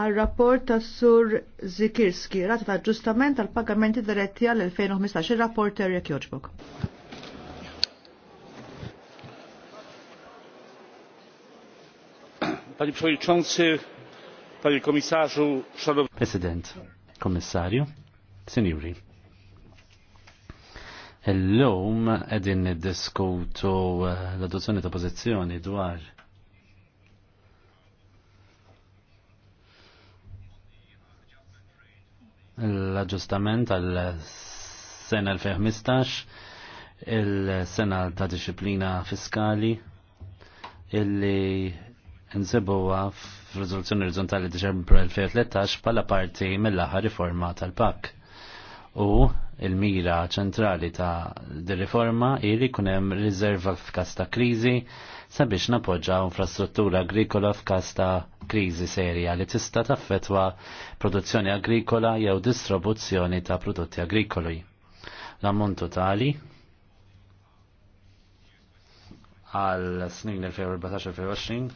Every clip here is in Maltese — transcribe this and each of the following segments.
għal rapport ta' Sur Zikirski, rata ta' ġustament għal pagamenti diretti għal 2015, il-rapport Erja Kjoġbok. Pani Przewodniczący, Pani Komisarzu, Szanowny Prezydent, Komisarju, Senjuri. L-lum edin diskutu eh, l-adozzjoni ta' pozizjoni dwar l-aġġustament għal sena 2015, il-sena ta' disciplina fiskali, illi nsibuwa f'rizoluzzjoni orizzontali Deċembru 2013 pala parti mill-aħħar riforma tal-PAK u il-mira ċentrali ta' d riforma ili kunem riserva f'kasta ta' krizi sabiex napoġġa infrastruttura agrikola f'kasta ta' krizi serja li tista' taffetwa produzzjoni agrikola jew distribuzzjoni ta' prodotti agrikoli. L-ammontu tali għal snin 2014-2020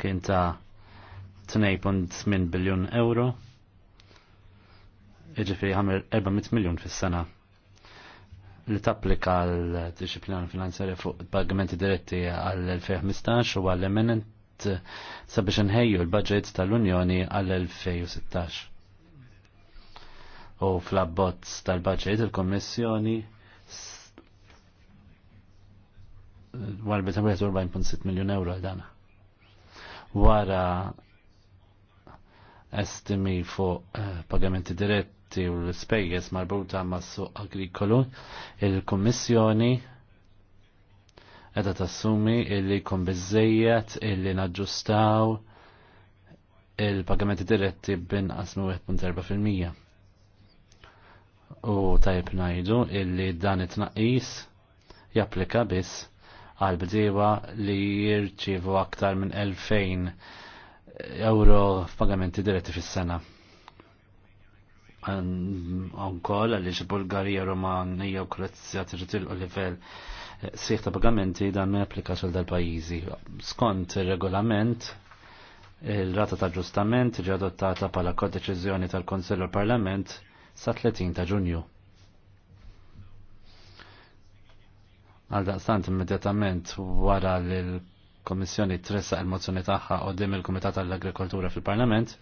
kien ta' 2.8 biljun euro iġifiri għamil 400 miljon fis-sena li tapplika l-disciplina finanzjarja fuq pagamenti diretti għal-2015 u għall-eminent sabiex nħejju l-budget tal-Unjoni għall-2016. U fl-abbozz tal-budget il-Kommissjoni warbet 40.6 miljon euro dana. Wara estimi fuq eh, pagamenti diretti l u l spejjes marbuta mas-suq agrikolu, il-Kummissjoni edha tassumi illi jkun biżejjed illi naġġustaw il-pagamenti diretti b'inqas asmu 1.4%. U tajb ngħidu illi dan it-tnaqqis japplika biss għal bdiewa li jirċievu aktar minn 2000 euro f'pagamenti diretti fis-sena. Onkol għaliex Bulgarija, Romanija u Kroazja tirtil u livell eh, sejħta ta' pagamenti dan ma applika għal dal-pajjiżi. Skont ir-regolament il-rata ta' ġustament ġi adottata pala kod deċiżjoni tal-Konsell l-Parlament sa' 30 ta' Ġunju. Għaldaqstant daqstant immedjatament wara l-Komissjoni tressa il-mozzjoni tagħha qudiem il-Kumitat tal-Agrikoltura fil-Parlament,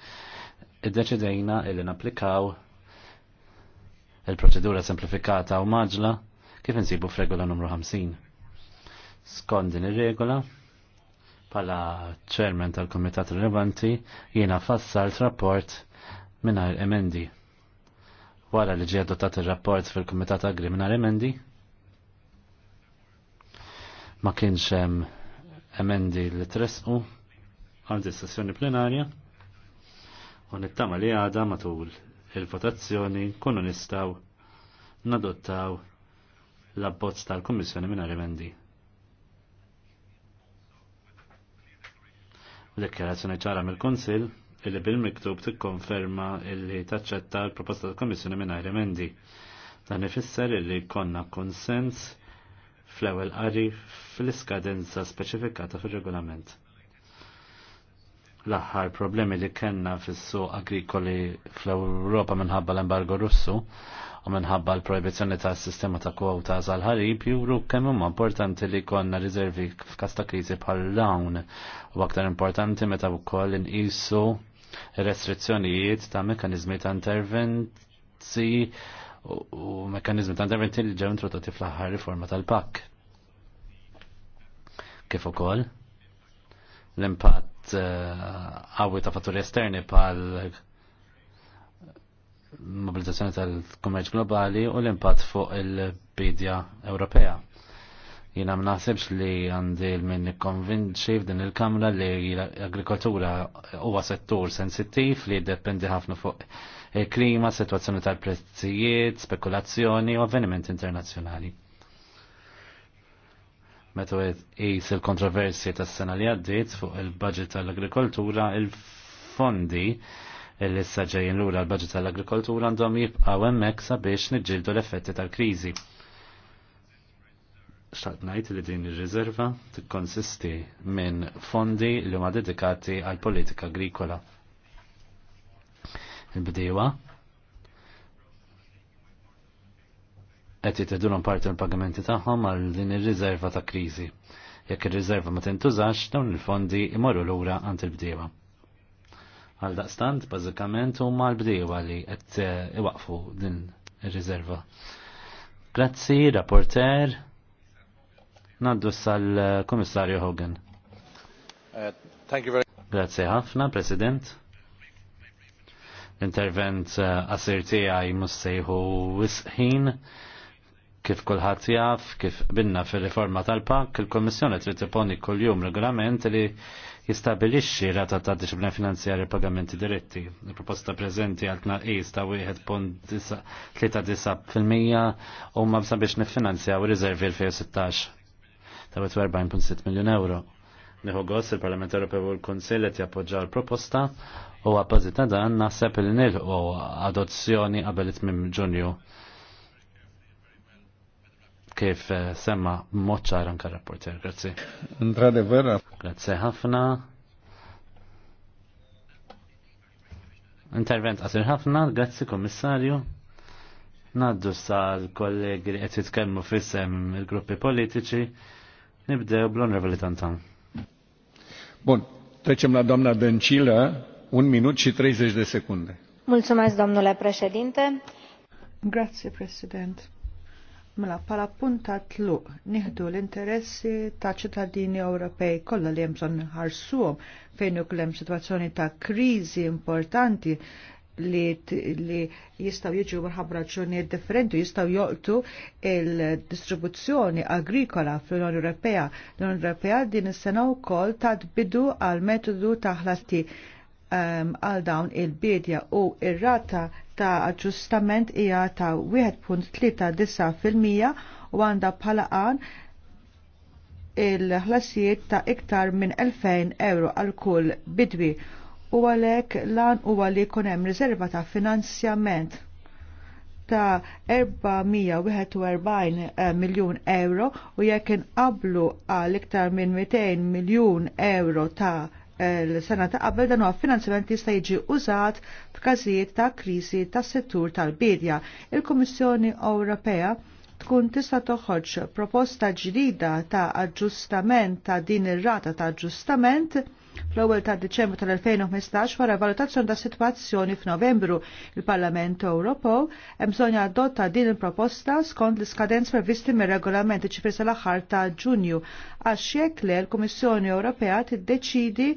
iddeċidejna illi napplikaw il-proċedura semplifikata u maġla kif insibu f'regola numru 50. Skont din ir-regola, pala ċermen tal-Komitat Rilevanti, jiena fassalt rapport mingħajr emendi. Wara li ġie adottat ir-rapport fil-Komitat Agri mingħajr emendi, ma kienx hemm emendi li tresqu għal sessjoni plenarja u nittama li għada matul il-votazzjoni kunu nistaw nadottaw l-abbozz tal-Kommissjoni minna remendi. Dekjarazzjoni ċara mill-Konsil illi bil-miktub tikkonferma illi taċċetta l-proposta tal-Kommissjoni minna rimendi. Dan ifisser illi konna konsens fl-ewwel qari fl-iskadenza speċifikata fir-regolament l-aħħar problemi li kellna fis-suq agrikoli fl-Ewropa minħabba l-embargo Russu u minħabba l-proibizzjoni ta' sistema ta' kwota għal ħarib juru kemm huma importanti li konna riservi f'Kasta krizi kriżi bħal dawn u aktar importanti meta wkoll inqisu restrizzjonijiet ta' mekanizmi ta' intervenzi u mekanizmi ta' interventi li ġew introdotti fl-aħħar riforma tal-pakk. Kif ukoll? l-impatt Eh, għawi ta' fatturi esterni pal mobilizzazzjoni tal-kummerċ globali u l-impatt fuq il-bidja Ewropea. Jina mnaħsebx li għandi l-min konvinċi f'din il-Kamra li l-agrikoltura huwa settur sensittiv li jiddependi ħafna fuq il-klima, situazzjoni tal-prezzijiet, spekulazzjoni u avvenimenti internazzjonali meta qis il ta' tas-sena li għaddiet fuq il-budget tal-agrikoltura il-fondi li s-saġajin ġejjin lura l-budget tal-agrikoltura għandhom jibqaw hemmhekk sabiex niġġieldu l-effetti tal-kriżi. Xtaqt ngħid li din ir t tikkonsisti minn fondi li huma dedikati għal politika agrikola. Il-bdiewa qed jitedulhom parti l-pagamenti tagħhom għal din ir-riserva ta' kriżi. Jekk ir-riserva ma tintużax, dawn il-fondi imorru lura għand il-bdiewa. Għal daqstant, bażikament huma l-bdiewa li qed eh, iwaqfu din ir-riserva. Grazzi, rapporter. Naddu sal-Komissarju Hogan. Eh, Grazie ħafna, President l-intervent għasir eh, tiegħi mussejħu wisħin Kif kulħadd jaf, kif binna fir-riforma tal-PAK, il-Kommissjoni trid tipponi kuljum regolament li jistabilixxi rata ta' disciplina finanzjarja e pagamenti diretti. Il-proposta preżenti għal tnaqqis ta' 1.39% huma sabiex niffinanzjaw ir-riservi 2016 ta' 40.6 miljun euro. Nieħu gost il-Parlament Ewropew u l-Kunsill qed jappoġġaw l-proposta u appożita dan naħseb li nilqu adozzjoni qabel 8 Ġunju kif eh, semma moċar anka rapporter. grazie. Ndrade vera. Grazie ħafna. Intervent għasir ħafna, grazie komissarju. Naddu sal kollegi li għet jitkellmu fissem il-gruppi politiċi. Nibdew bl-onorevoli Tantan. Bun, trecem la domna Dăncilă, un minut și 30 de sekunde. Mulțumesc, domnule președinte. Grazie, President. Mela, pala punta tluq, nieħdu l-interessi ta' ċittadini Ewropej kollha li hemm bżonn ħarsuhom fejn ukoll hemm sitwazzjoni ta' kriżi importanti li, li jistaw jiġu minħabba raġunijiet differenti jistgħu joqtu il-distribuzzjoni agrikola fl-Unjoni Ewropea. L-Unjoni Ewropea din is-sena wkoll ta' tbidu għal metodu ta' ħlasti ehm, għal um, dawn il-bidja u ir-rata il bidja u ir rata ta' aġġustament hija ta' 1.39% u għandha bħala għan il-ħlasijiet ta' iktar minn 2000 euro għal kull bidwi u għalhekk lan huwa li jkun hemm riserva ta' finanzjament ta' 441 eh, miljun euro u jekk inqablu għal iktar minn 200 miljun euro ta' l-sena ta' qabel dan huwa finanzjament jista' jiġi użat f'każijiet ta' kriżi tas-settur tal-bidja. Il-Kummissjoni Ewropea tkun tista' toħroġ proposta ġdida ta' aġġustament ta' din ir-rata ta' aġġustament Fl-ewwel ta' Diċembru tal-2015 wara valutazzjoni ta' sitwazzjoni f'Novembru il-Parlament Ewropew hemm bżonn jadotta din il-proposta skont l-iskadenz previsti mir-regolament ċifri sal-aħħar ta' Ġunju għax jekk le l-Kummissjoni Ewropea tiddeċidi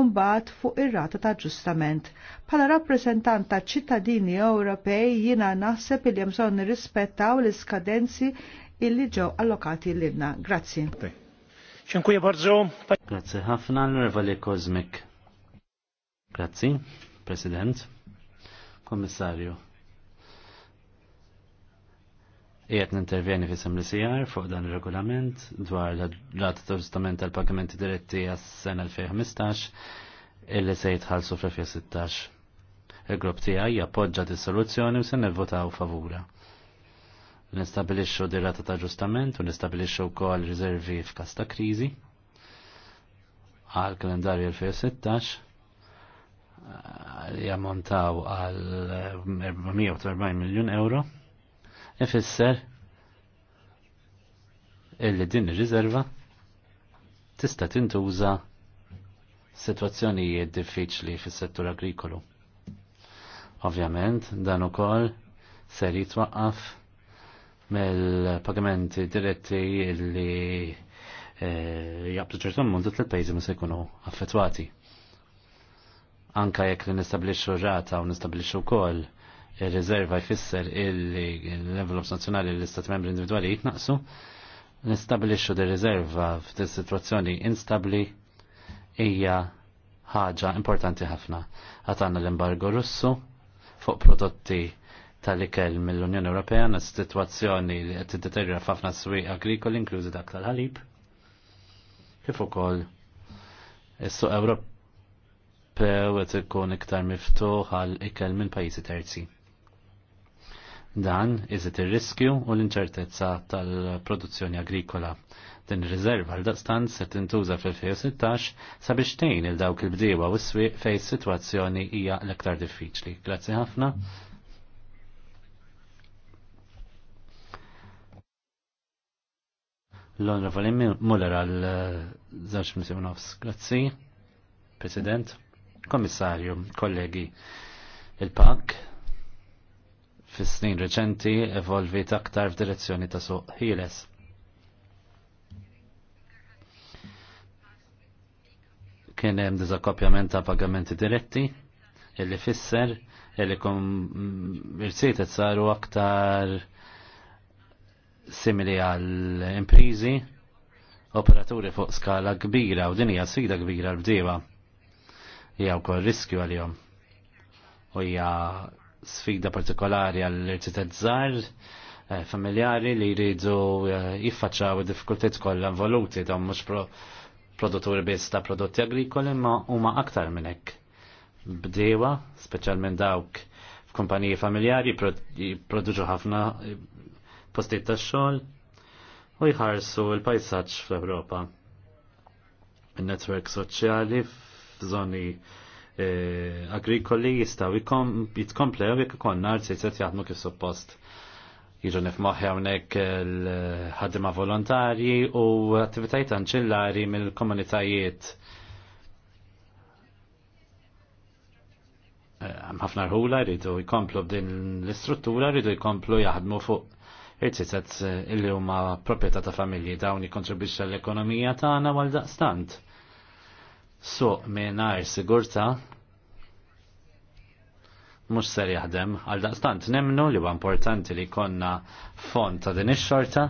mbagħad fuq ir-rata ta' ġustament. Bħala rappreżentant ta' ċittadini Ewropej jiena naħseb li hemm bżonn nirrispettaw l-iskadenzi illi ġew allokati lilna. Grazzi. Dziękuję bardzo. Grazie ħafna l-Revali Kozmik. Grazie, President, Kommissarju. Ijet n-intervjeni fi l-CR fuq dan il-regolament dwar l għat ta' ġustament tal-pagamenti diretti għas-sena 2015 illi se jitħalsu fl-2016. Il-grupp tiegħi jappoġġa dis-soluzzjoni u se nivvotaw favura nistabilixxu dirata ta' ġustament u nistabilixxu wkoll riservi f'każ ta' kriżi għal kalendarju 2016 li eh, jammontaw għal 440 eh, miljun euro ifisser illi din ir-riserva tista' tintuża situazzjonijiet diffiċli fis-settur agrikolu. Ovvjament, dan ukoll ser jitwaqqaf mill-pagamenti diretti li eh, jaqbdu ċertu mundu l-pajzi ma se jkunu affettwati. Anka jekk li nistabliċu rata u nistabliċu wkoll ir-riserva jfisser il l-envelops nazjonali l-istat membri individwali jitnaqsu, nistabliċu di rezerva f'din situazzjoni instabli hija ħaġa importanti ħafna. Għatanna l-embargo russu fuq prodotti tal-ikel mill-Unjoni Ewropea na situazzjoni li qed tiddeterjora ħafna swieq agrikoli inklużi dak tal-ħalib. Kif ukoll is-suq Ewropew qed ikun iktar miftuħ għal ikel minn pajjiżi terzi. Dan iżid ir-riskju u l-inċertezza tal-produzzjoni agrikola. Din ir-riserva għal daqstant se tintuża fil-2016 sabiex tgħin il dawk il-bdiewa u s-swieq fejn is-sitwazzjoni hija l-aktar diffiċli. Grazzi ħafna. L-Onorevoli Muller għal Zarx eh, Misimunovs. Grazzi, President, Komissarju, kollegi. Il-PAK fis snin reċenti evolvit aktar f'direzzjoni ta' suq ħieles. Kien hemm diżakkopjament ta' pagamenti diretti, illi fisser illi kom mm, irsitet saru aktar simili għal imprizi, operaturi fuq skala kbira u dinija sfida kbira l bdiva Hija wkoll riskju għalihom. U hija sfida partikolari għall irtitet żgħar eh, familjari li jridu eh, jiffaċċaw id-diffikultajiet kollha involuti dawn mhux produtturi biss ta' prodotti agrikoli ma huma aktar minn hekk. Bdiewa, speċjalment dawk f'kumpaniji familjari jipproduċu ħafna postiet ta' xogħol u jħarsu l-pajsaġġ fl-Ewropa. Il-netwerk soċjali f'żoni eh, agrikoli jistaw jitkomplew jekk ikonna artizet jaħdmu kif suppost. Jiġu nifmoħi hawnhekk l-ħadima volontarji u attivitajiet anċillari mill-komunitajiet. Eh, ħafna rħula jridu jkomplu b'din l-istruttura jridu jkomplu jaħdmu fuq irċitet eh, illi huma proprjetà ta' familji dawn jikkontribwixxa l-ekonomija tagħna għal daqstant. So mingħajr sigurtà mhux ser jaħdem għal daqstant nemnu li huwa importanti li jkollna fond ta' din ix-xorta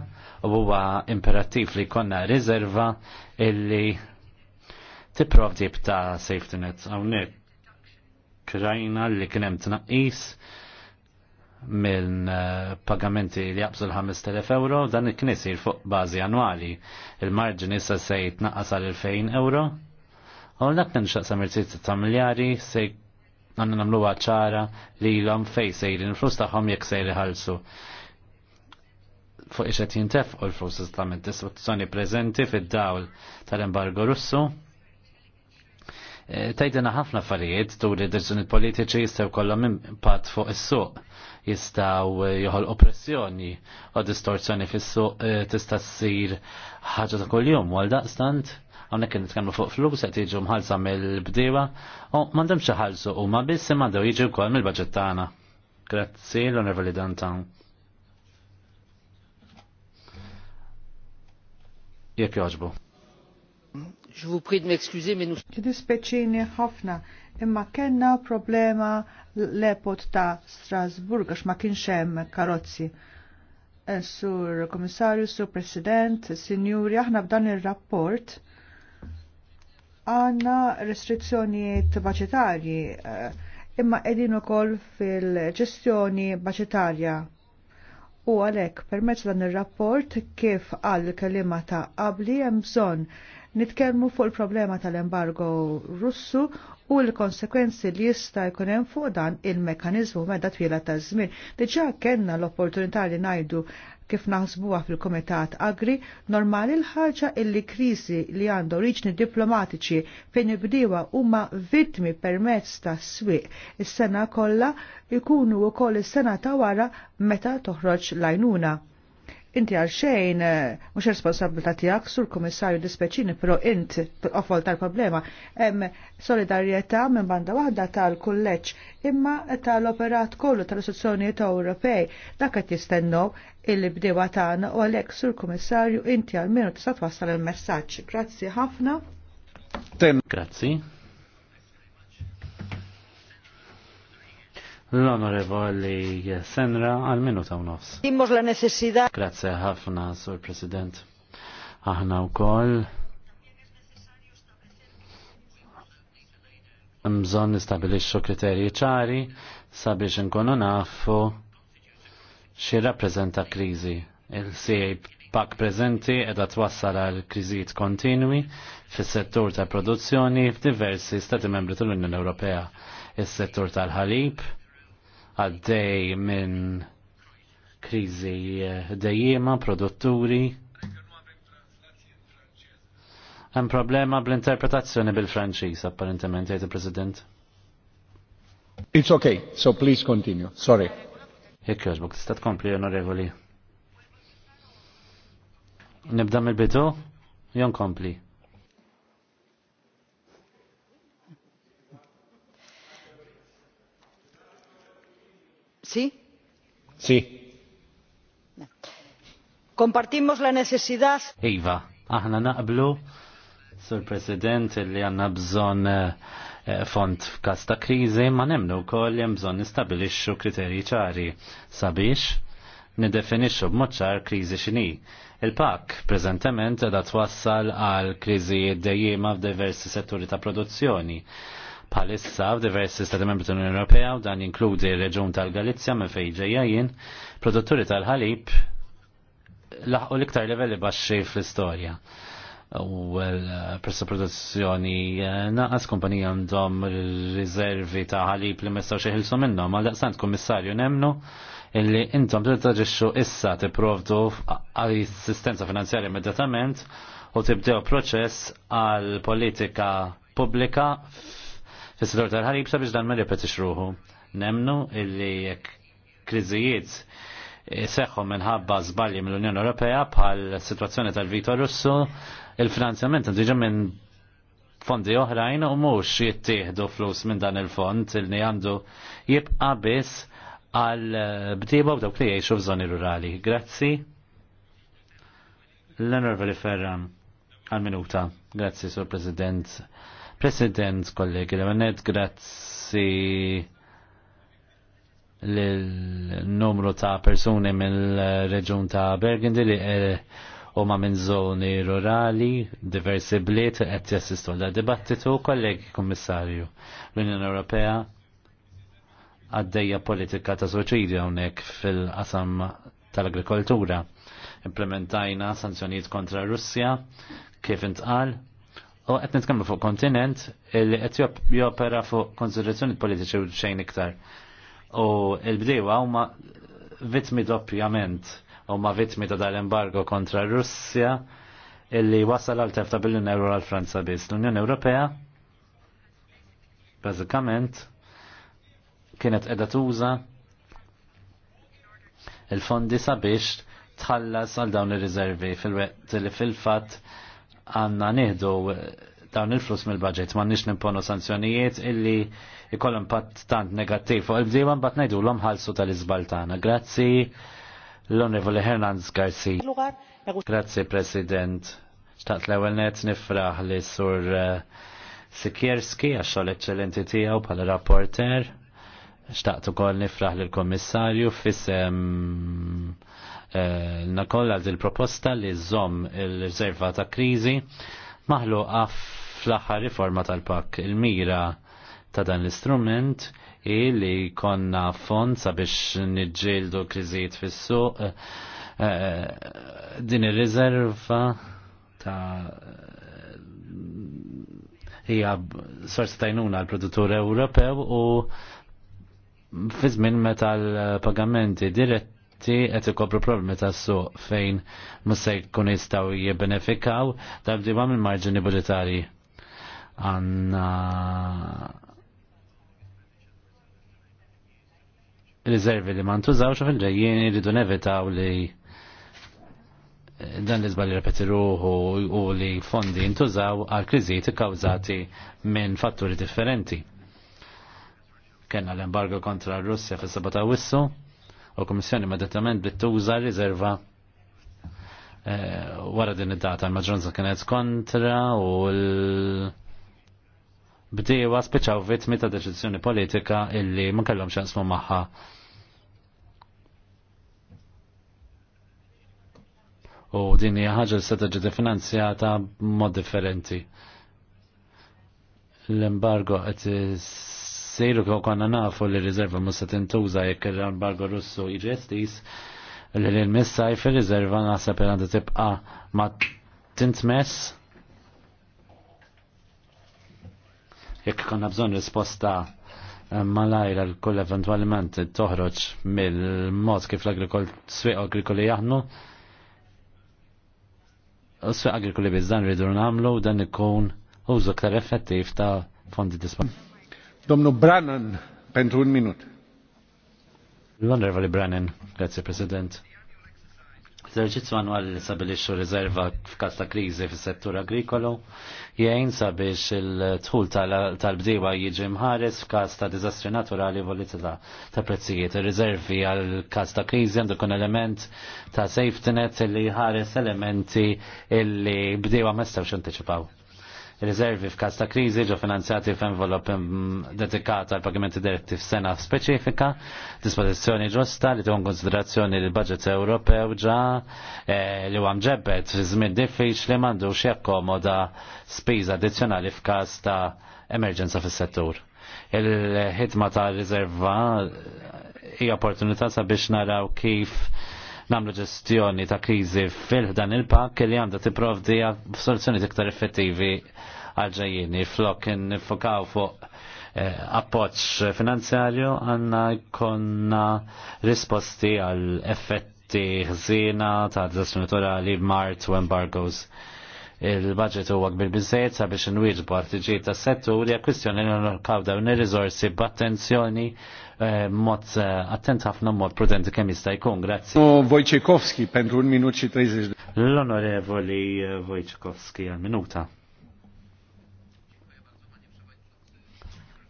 u huwa imperattiv li jkollna riserva illi tipprovdi ta' safety net hawnhekk krajna li kien hemm tnaqqis minn eh, pagamenti li jaqbżu l-5.000 euro, dan il-knis fuq bazi annwali. Il-marġin issa se jitnaqqas għal 2000 euro. U dak nxaqsam irtit ta' miljari se għanna namlu ċara li l-om fej sejri, l-flus taħħom jek sejri ħalsu. Fuq iċet jintef u l-flus islament distruzzjoni prezenti fid-dawl tal-embargo russu, eh, tajdina ħafna affarijiet turi deċizjoni politiċi jistew kollha impatt fuq is-suq jistaw eh, joħol oppressjoni u distorzjoni fis-suq eh, tista' ssir ħaġa ta' kuljum għal daqstant hawnhekk kien nitkellmu fuq flus qed jiġu mħalsa mill-bdiewa u m'għandhomx iħallsu ma biss imma għandew jiġu wkoll mill-baġġett tagħna. Grazzi l-Onorevoli Dantan. Jekk jogħġbu. Je vous prie de m'excuser, mais nous... Ġidispeċini ħafna imma kellna problema l-epot ta' Strasburg għax ma kienx hemm karozzi. Eh, Sur Komissarju, Sur President, Sinjuri, aħna b'dan ir-rapport għanna restrizzjonijiet baċetarji eh, imma qegħdin ukoll fil-ġestjoni baċetarja u għalek permezz dan ir-rapport kif għal kelima ta' qabli hemm bżonn nitkellmu fuq il-problema tal-embargo Russu u l-konsekwenzi li jista' jkun hemm fuq dan il-mekkaniżmu medda twila ta' żmien. Diġà kellna l-opportunità li ngħidu kif naħsbuha fil kumitat Agri, normali l-ħaġa illi kriżi li għandu riġni diplomatiċi fejn ibdiewa huma vittmi permezz ta' swieq is-sena kollha jkunu wkoll is-sena ta' wara meta toħroġ lajnuna inti għalxejn eh, mhux responsabilità tiegħek sur kummissarju dispeċini, però int offol tal-problema Em solidarjetà minn banda waħda tal-kulleġġ imma tal-operat kollu tal-istituzzjonijiet Ewropej dak qed jistennew illi bdewa tagħna u għalhekk sur komissarju inti għal minu tista' twassal il-messaġġ. Grazzi ħafna. Grazzi. l-onorevoli Senra għal minuta u nofs. Dimmox la necessità. Grazie ħafna, Sur President. Aħna u koll. Mżon nistabilixxu kriterji ċari sabiex nkunu nafu xi rappreżenta kriżi. Il-CAP pak preżenti edha twassal għal kriżijiet kontinwi fis-settur tal-produzzjoni f'diversi stati membri tal-Unjoni Ewropea. Is-settur tal-ħalib, għaddej minn krizi eh, dejjema, produtturi. Hemm problema bl-interpretazzjoni bil-Franċiż apparentement jgħid il-President. It's okay, so please continue. Sorry. Jekk jogħġbok tista' tkompli onorevoli. Nibda mill-bidu? Jon kompli. Sí. Sí. Compartimos la necesidad. Iva, aħna naqblu, Sur President, li għanna bżon eh, eh, font kasta ta' krizi, ma nemnu kol jem bżon nistabilixxu kriterji ċari sabiex nidefinixxu b'moċar krizi xini. Il-pak preżentament edha twassal għal kriżijiet dejjema f'diversi setturi ta' produzzjoni palissa f'diversi stati membri tal-Unjoni Ewropea u dan jinkludi r-reġun tal-Galizja me fejn ġejja jien, produtturi tal-ħalib laħqu l-iktar livelli baxxi fl-istorja. U l-pressa eh, produzzjoni eh, naqas kumpanija għandhom riservi ta' ħalib li mestaw xieħilsu minnhom, għal daqsant kummissarju nemnu illi intom t-taġiċu issa t-provdu assistenza finanzjarja immediatament u tibdew proċess għal politika pubblika fis-sidor tal-ħarib sabiex dan ma repetix ruħu. Nemnu illi jekk kriżijiet eh, seħħu minħabba żbalji mill-Unjoni Ewropea bħal situazzjoni tal-Vito Russu, il-finanzjament diġa minn fondi oħrajn u mhux jittieħdu flus minn dan il-fond il-ni għandu jibqa' biss għal eh, bdiba u dawk li jgħixu f'żoni rurali. Grazzi. Leonard Ferran għal minuta. Grazzi, Sur President. President, kollegi, l-għanet grazzi l-numru ta' persuni mill-reġun ta' Bergendi li eh, u ma' minn zoni rurali, diversi bliet, għet jassistu l dibattitu kollegi kommissarju. L-Unjoni Ewropea għaddeja politika ta' soċidja unek fil-qasam tal-agrikoltura implementajna sanzjonijiet kontra Russja, kif intqal, U qed nitkellmu fuq kontinent li qed jopera fuq konsiderazzjoni politiċi u xejn iktar. U l u huma vittmi doppjament huma vittmi ta' dal-embargo kontra Russja illi wasal għal tefta biljun euro għal Franza biss. L-Unjoni Ewropea bażikament kienet qiegħda tuża il-fondi sabiex tħallas għal dawn ir-riservi fil-wet li fil-fatt fil fil fatt għanna nieħdu eh, dawn il-flus mill-budget ma nix nimponu sanzjonijiet illi ikollhom impatt tant negattiv fuq il-bdiewa mbagħad ngħidulhom l ħalsu tal izbaltana Grazzi l-Onorevoli Hernandez Garcia. Grazzi President. Xtaqt l-ewwel net nifraħ li sur eh, Sikierski għax-xogħol eċċellenti tiegħu bħala rapporter. Xtaqt ukoll nifraħ lill kummissarju fissem Eh, nakolla il proposta li zom il-riserva ta' kriżi maħlu fl-aħħar riforma tal-pak. Il-mira ta' dan l-istrument i li konna fond sabiex nġildu kriżijiet fis-suq eh, eh, din ir-riserva ta' hija sorsi tajnuna l produttur Ewropew u fizmin meta l-pagamenti dirett prodotti qed ikopru problemi tas-suq fejn mhux se jkun jistgħu jibbenefikaw tal-bdiba minn marġini budġetarji. Għandna riservi li ma ntużawx fil li iridu nevitaw li dan li zbali repetiruħu u li fondi jintużaw għal kriżijiet ikkawżati minn fatturi differenti. Kenna l-embargo kontra r-Russja fis sabota wissu, u l-Komissjoni immediatament bittuża riserva eh, wara din id-data l-maġġoranza kienet kontra u l- bdiewa spiċaw vittmi ta' deċiżjoni politika illi ma kellhom xansmu magħha. U din hija ħaġa li seta' tiġi finanzjata b'mod differenti. L-embargo qed sejru kħu konna nafu li rizerva musa tintuża jekk l-embargo russu iġestis li l-missa jf rizerva nasa li għanda tibqa ma tintmess jekk konna bżon risposta eh, malajra l-kull eventualment toħroġ mill-mod kif l-agrikoltura agrikoli U eh, s sweq agrikoli bizzan ridur namlu dan ikun użu ktar effettiv ta' fondi disponibili. Domnu Brannan, pentru un minut. L-Onorevoli Brannan, grazie President. L-eżerċizzju annwali li stabilixxu riserva f'każ ta' kriżi fis-settur agrikolo jgħin sabiex il-tħul tal-bdiewa jiġi mħares f'każ ta' diżastri naturali volatilità ta' prezzijiet. Ir-riservi għal każ ta' kriżi għandu kun element ta' safety net li ħares elementi illi bdiewa ma stawx anticipaw. Riservi f'każ ta' kriżi ġo finanzjati f'envelop dedikata għal pagamenti diretti f'sena speċifika, dispożizzjoni ġusta li tkun konsiderazzjoni li l-budget Ewropew ġa e, li huwa mġebbed fi żmien diffiċli m'għandux jakkomoda spiża addizzjonali f'każ ta' emerġenza fis-settur il-ħidma tal riserva hija opportunità sabiex naraw kif namlu ġestjoni ta' kriżi fil-dan il-pak li għandha tipprovdi soluzzjoni iktar effettivi għalġajjini flok nifokaw fuq eh, appoċ finanzjarju għanna jkonna risposti għal effetti ħżina ta' disastroni naturali, mart u embargoes il-budget huwa kbir biżejjed sabiex inwieġbu għal tas settur hija kwistjoni li nolkaw dawn ir-riżorsi b'attenzjoni eh, mod eh, attent ħafna mod prudenti kemm jista' jkun. Grazzi. Wojciechowski pentru un minut xi L-onorevoli eh, Wojciechowski għal minuta.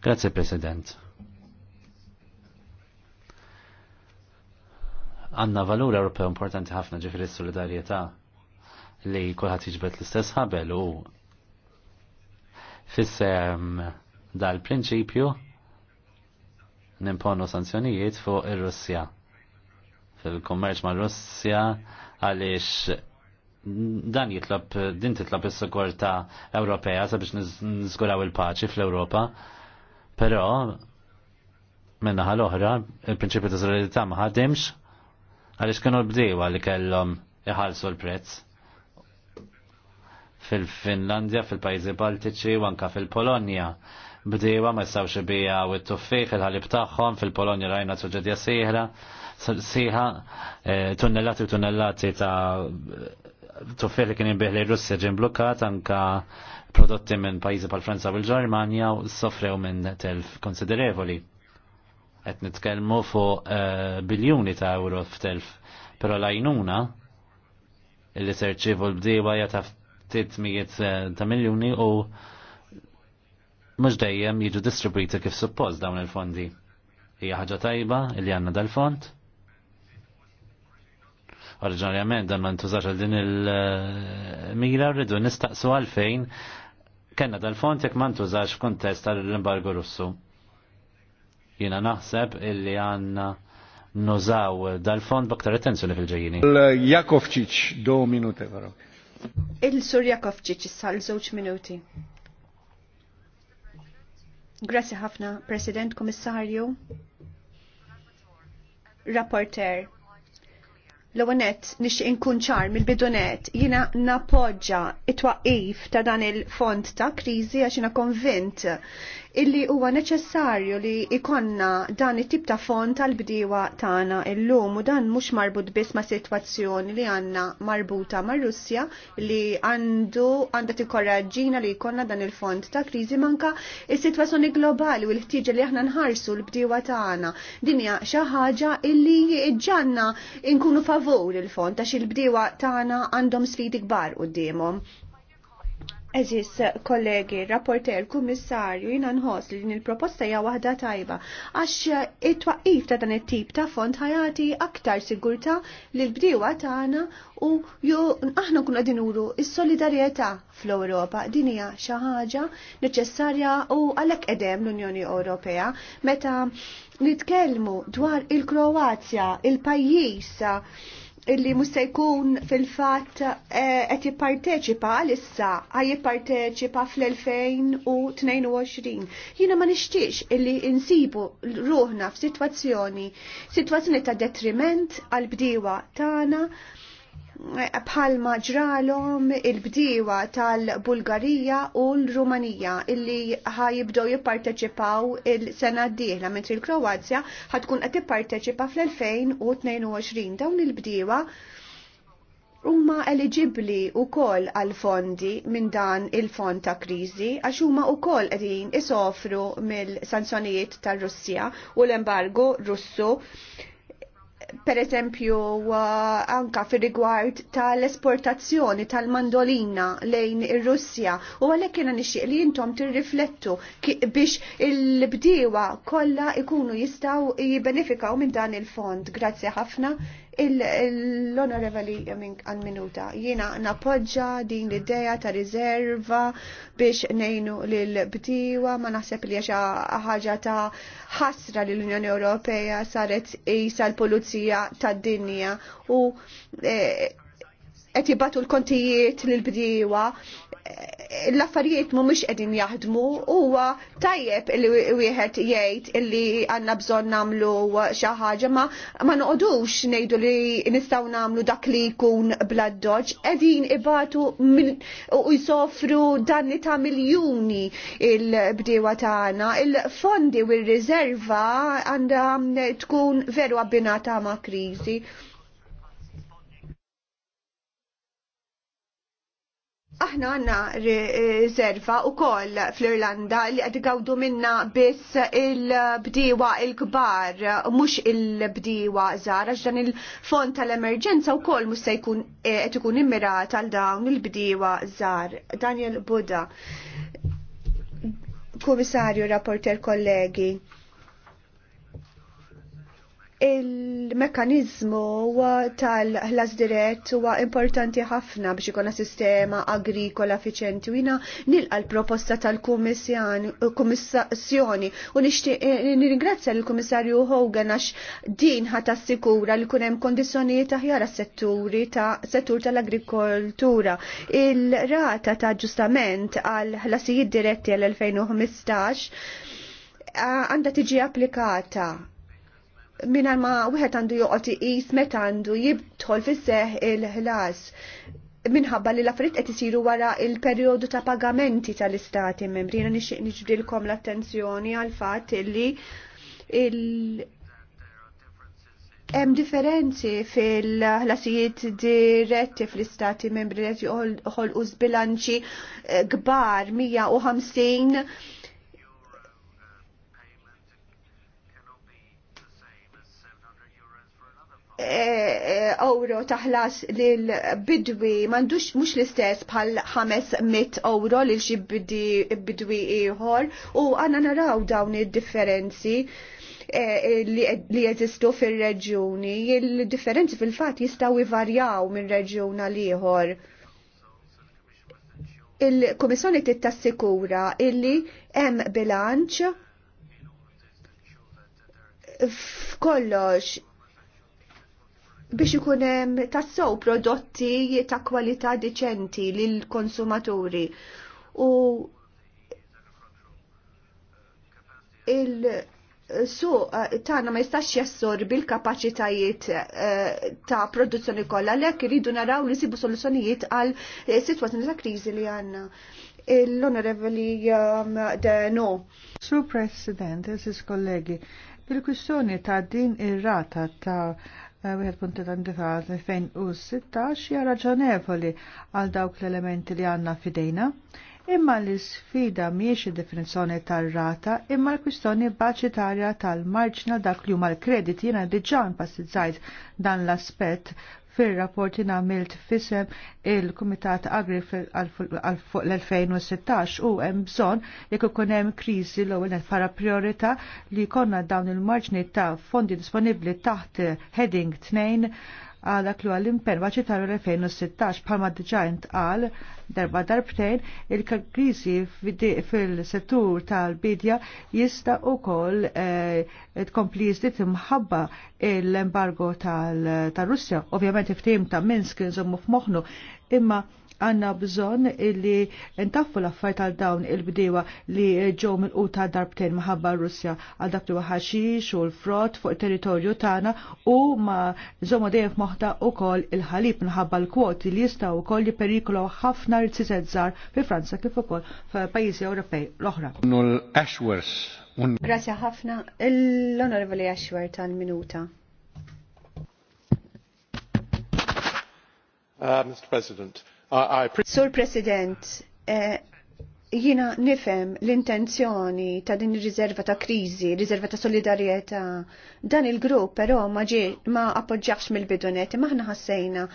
Grazie President. Għanna valur Ewropew importanti ħafna ġifiri s solidarjetà li kulħadd iġbet l-istess ħabel u fissem dal-prinċipju nimponu sanzjonijiet fuq ir-Russja fil-kummerċ ma' Russja għaliex dan jitlab, din titlab is-sigurta Ewropea sabiex niżguraw il-paċi fl-Ewropa. Però minnaħa l-oħra, il-prinċipju ta' solidarità ma ħadimx għaliex kienu l-bdiewa li kellhom iħallsu l-prezz fil-Finlandja, fil-Pajzi Baltiċi u anka fil-Polonja. Bdewa ma jistawx bija u t-tuffiq il-ħalib tagħhom fil-Polonja rajna suġedja siħra, sieħa, eh, tunnellati u tunnellati ta' tuffiq li kien jinbih li Russja ġin blukkat anka prodotti minn pajjiżi pal Franza u l-Ġermanja u soffrew minn telf konsiderevoli. Qed nitkellmu fuq eh, biljuni ta' euro f'telf, però lajnuna li serċivu l-bdiewa jataf 300 eh, ta' miljoni u mhux dejjem jiġu distribuiti kif suppost dawn il-fondi. Hija ħaġa tajba li għandna dal-fond. Oriġinarjament dan ma ntużax għal din il-mira rridu nistaqsu għalfejn kena dal-fond jekk ma ntużax f'kuntest tal-embargo Russu. Jiena naħseb illi għandna nużaw dal-fond b'aktar attenzjoni fil-ġejjini. Jakovčić, do minute, varok. Il-Surja Kofċiċ issal żewġ minuti. Grazie ħafna, President, Komissarju, Rapporter L-għonet nix inkun ċar mill-bidunet jina napoġġa it-twaqif ta' dan il-fond ta' krizi għax jina konvint illi huwa neċessarju li ikonna dan it-tip ta' fond tal-bdiewa tagħna lum u dan mhux marbut biss ma' sitwazzjoni li għandna marbuta ma' Russja li għandu għandha tikkoraġġina li jkollna dan il-fond ta' kriżi manka il sitwazzjoni globali u l-ħtieġa li aħna nħarsu l-bdiewa tagħna. Din hija xi ħaġa illi ġanna inkunu favor favur il-fond ta' il-bdiewa tagħna għandhom sfidi kbar qudiemhom. Eżis, kollegi, rapporter, kummissarju, jina nħos li din il-proposta hija waħda tajba, għax it-twaqif ta' dan it-tip ta' fond ħajati aktar sigurta li l-bdiewa tagħna u ju aħna kuna dinuru il solidarjetà fl-Ewropa. Din hija xi ħaġa neċessarja u għalhekk edem l-Unjoni Ewropea meta nitkellmu dwar il-Kroazja, il-pajjiż illi musa jkun fil-fat eh, qed jipparteċipa għalissa għaj jipparteċipa fl-2022. Jiena ma nixtiex illi insibu ruħna f'sitwazzjoni, sitwazzjoni ta' detriment għal bdiewa tagħna bħalma ġralhom il-bdiewa tal-Bulgarija u l-Rumanija illi ħajibdew jipparteċipaw il-sena d-dieħla mentri l-Kroazja ħatkun qed tipparteċipa fl-2022 dawn il-bdiewa huma eligibbli wkoll għal fondi minn dan il-fond ta' kriżi għax huma wkoll qegħdin isofru mill-sanzjonijiet tar russija u l-embargo Russu per eżempju uh, anka fir rigward tal-esportazzjoni tal-mandolina lejn ir-Russja u għalhekk jiena nixtieq li intom tirriflettu biex il-bdiewa kollha ikunu jistgħu jibbenefikaw minn dan il-fond. Grazzi ħafna l-onorevoli mink għal minuta. Jiena napoġġa din l-ideja ta' riserva biex nejnu l btiwa ma naħseb li xi ħaġa ta' ħasra l-Unjoni Ewropea saret jisa l-pulizija tad-dinja u eh, qed jibatu l-kontijiet lill bdiewa l-affarijiet mhumiex qegħdin jaħdmu huwa tajjeb li wieħed jgħid illi għandna bżonn nagħmlu xi ħaġa ma ma noqogħdux ngħidu li nistgħu nagħmlu dak li jkun bla doġġ qegħdin ibatu u jsofru danni ta' miljuni il-bdiewa tagħna. Il-fondi u r-riserva għandha tkun veru abbinata ma' kriżi. Aħna għanna riserva u koll fl-Irlanda li għad għawdu minna biss il-bdiwa il-kbar, mux il-bdiwa zara, ġdan il-fond tal-emerġenza u koll musta jkun e, għed ikun immirat għal dawn il-bdiwa zar. Daniel Buda, komissarju, rapporter, kollegi. Il-mekanizmu tal-ħlas dirett huwa importanti ħafna biex ikona sistema agrikola efficienti. u nilqa l-proposta tal-Kummissjoni u nixtieq eh, nirringrazzja lill-Kummissarju Hogan għax din ħata sikura li kunem hemm kondizzjonijiet aħjar setturi ta' settur tal-agrikoltura. Il-rata ta' ġustament għal ħlasijiet diretti għal 2015 eh, għandha tiġi applikata minna ma wieħed għandu joqgħod iqis meta għandu jidħol fis-seħ il-ħlas minħabba li l-affarijiet qed isiru wara il-perjodu ta' pagamenti tal-istati membri. Jiena nixtieq niġbdilkom l-attenzjoni għal fatt li il Hemm differenzi fil-ħlasijiet diretti fl-istati membri li joħolqu bilanċi eh, kbar 150 euro taħlas lil bidwi mandux mux l-istess bħal 500 euro lil xi bidwi ieħor u għanna naraw dawn id-differenzi eh, li jeżistu fil-reġjuni, il-differenzi fil-fat jistaw ivarjaw minn reġjuna għal ieħor. Il-Komissjoni tittassikura illi hemm bilanċ f'kollox biex ikun hemm tassew prodotti ta' kwalità diċenti lil konsumaturi u il-suq eh, tagħna ma jistax jessor bil kapaċitajiet eh, ta' produzzjoni kollha għalhekk iridu naraw nisibu soluzjonijiet soluzzjonijiet għal eh, situazzjoni ta' kriżi li għandna l-Onorevoli um, Deno. Sur President, eżis kollegi, bil kwistjoni ta' din ir-rata ta' u 1.3.2016 hija raġonevoli għal dawk l-elementi li għanna fidejna, imma l-sfida miex id-definizzjoni tal-rata imma l-kwistjoni baċitarja tal-marġna dak li huma l-krediti jiena diġà npassizzajt dan l-aspett fir-rapport jina għamilt fisem il-Kumitat Agri fuq l-2016 u hemm bżonn jekk ikun hemm kriżi l-ewwel para priorita li konna dawn il-marġni ta' fondi disponibbli taħt heading 2 għal dak għal għall-impen waċitaru l-2016 bħalma ġajnt għal darba darbtejn il-krizi fil-settur tal-bidja jista u koll eh, tkompli jizdit imħabba l-embargo tal-Russja. Ovvjament, iftim ta' Minsk nżommu f'moħnu imma għanna bżon illi ntaffu l-affarijiet għal dawn il-bdewa li ġew u ta' darbtejn maħabba Russja għal dak li ħaxix u l-frott fuq territorju tagħna u ma żomma dejjem moħta ukoll il-ħalib minħabba l-kwoti li jistgħu wkoll jipperikolaw ħafna rtizet żgħar fi Franza kif ukoll f'pajjiżi Ewropej l-oħra. Grazie ħafna l-Onorevoli Ashworth tal-minuta. Uh, Mr. President, Sur President, eh, jina nifem l-intenzjoni ta' din riserva ta' krizi, riserva ta' solidarieta. Dan il-grupp però ma ġi ma appoġġax mill-bidunet, maħna ħassejna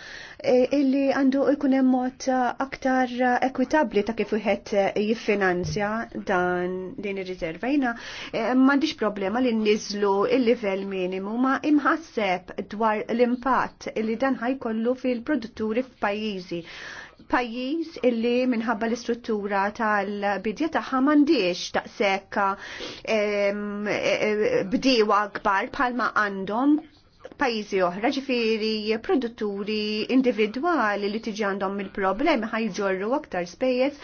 eh, illi għandu jkun hemm mod aktar ekwitabli ta' kif wieħed jiffinanzja dan din ir-riserva. Jina eh, m'għandix problema li nniżlu il-livell minimu ma imħasseb dwar l-impatt illi dan ħajkollu fil-produtturi f'pajjiżi pajjiż illi minħabba l-istruttura tal-bidja tagħha m'għandix taqsek e, e, bdiewa kbar bħalma għandhom pajizi oħra ġifiri produtturi individuali li tiġi għandhom il-problemi ħajġorru aktar spejjeż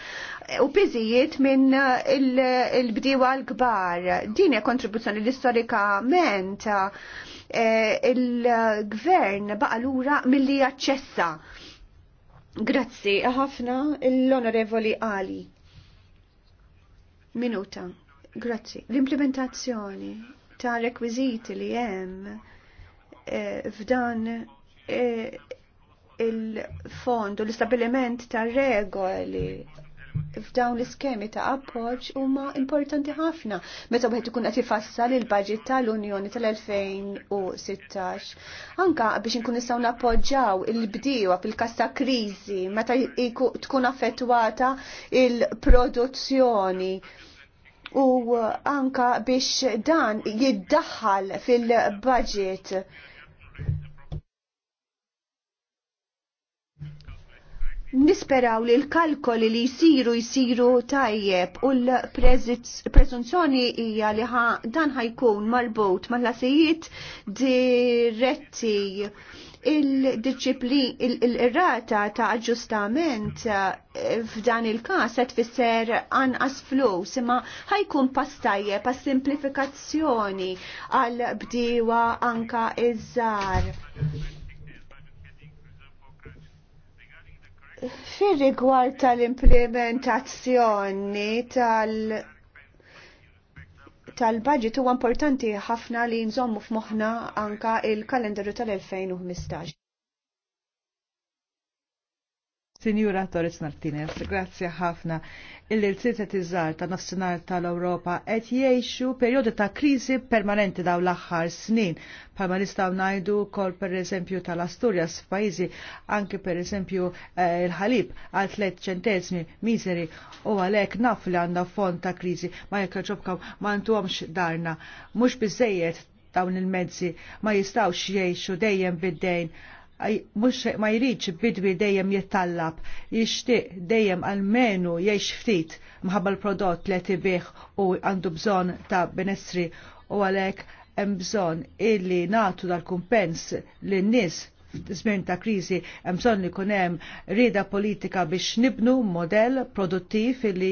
u piżijiet minn il-bdiewa l-kbar. Din hija kontribuzzjoni l-istorikament eh, il-gvern baqa' lura milli jaċċessa Grazzi, ħafna l-Onorevoli Ali. Minuta. Grazzi. L-implementazzjoni ta' rekwiziti li hemm eh, f'dan eh, il-fond u l-istabiliment ta' regoli f'dawn l-iskemi ta' appoġġ huma importanti ħafna meta wieħed ikun qed ifassal il-baġit tal-Unjoni tal-2016. Anka biex inkun nistgħu nappoġġjaw il-bdiewa fil-każ ta' kriżi meta tkun affettwata il-produzzjoni u anka biex dan jiddaħħal fil-baġit nisperaw li l-kalkoli li jisiru jisiru tajjeb u l-prezunzjoni hija li ha, dan ħajkun marbut mal-lasijiet diretti il-rata il ta' aġġustament eh, f'dan il-kas qed fisser anqas asflu sima ħajkun pastajje pa' simplifikazzjoni għal bdiwa anka iż-żar. Fir rigward tal-implementazzjoni tal- tal-budget huwa importanti ħafna li nżommu f'moħħna anka il-kalendarju tal-2015. Sinjura Torres Martinez, grazie ħafna illi l iż-żar ta' nofsinhar tal-Ewropa qed jgħixu perjodu ta' kriżi permanenti daw l-aħħar snin. Palma nistgħu ngħidu wkoll pereżempju tal-Asturjas f'pajjiżi anke pereżempju eh, il-ħalib għal tliet ċentesmi miżeri u għalhekk naf li għandha fond ta' kriżi ma jekk ġobkom ma ntuhomx darna. Mhux biżejjed dawn il-mezzi ma jistgħux jgħixu dejjem bid-dejn mux ma jridx bidwi dejjem jittallab, jixtieq dejjem għalmenu jiex ftit mħabba l-prodott li tibih u għandu bżon ta' benessri u għalek hemm bżonn illi natu dal-kumpens lin-nies żmien ta' kriżi hemm bżonn ikun hemm rieda politika biex nibnu modell produttiv li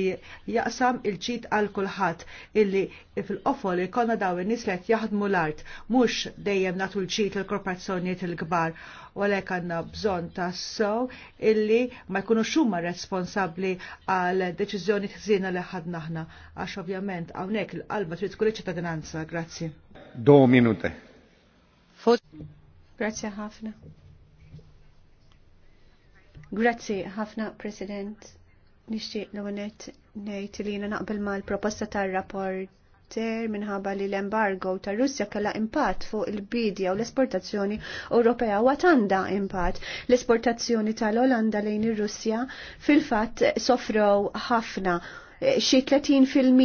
jaqsam il-ċit għal kulħadd illi fil-qofol ikonna daw in-nies qed jaħdmu l-art mhux dejjem nagħtu l-ċit il-korporazzjonijiet il-kbar u għalhekk għandna bżonn tassew illi ma jkunux huma responsabbli għal deċiżjoni zina li ħadna naħna, għax ovvjament hawnhekk il-qalba trid tkun iċ-ċittadinanza. Grazzi. Do minute. Grazzi ħafna. Grazzi ħafna, President. Nixtieq l-għonet ngħid li jiena naqbel mal-proposta tar-rapporter minħabba li l-embargo tar Russja kellha impatt fuq il-bidja u l-esportazzjoni Ewropea u għatanda impatt. L-esportazzjoni tal-Olanda lejn ir-Russja fil-fatt sofrow ħafna xi 30%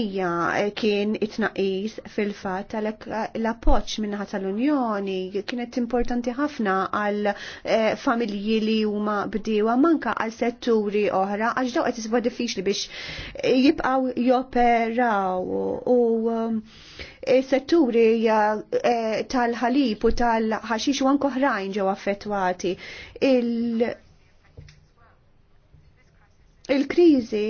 eh, kien it-tnaqqis fil-fatt għalhekk eh, l-appoġġ minnaħat tal-Unjoni kienet importanti ħafna għal eh, familji li huma bdiewa manka għal setturi oħra għax daw qed isbu diffiċli biex jibqgħu joperaw u um, setturi tal-ħalib u tal-ħaxix u oħrajn ġew affettwati il-krizi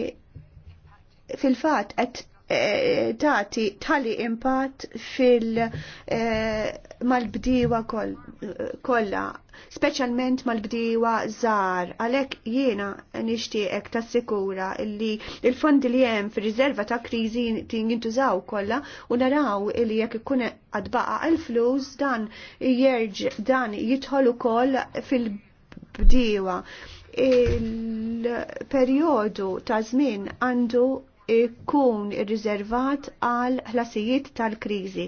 fil-fat qed eh, tati tali impatt fil eh, mal-bdiwa kollha, speċjalment mal-bdiwa żgħar, għalhekk jiena nixtieqek tassikura li l-fondi li hemm fir-riserva ta' kriżi jintużaw kollha u naraw li jekk ikun għadbaqa il flus dan jerġ dan jidħol ukoll fil bdiwa il periodu ta' zmin għandu ikun riservat għal ħlasijiet tal-kriżi.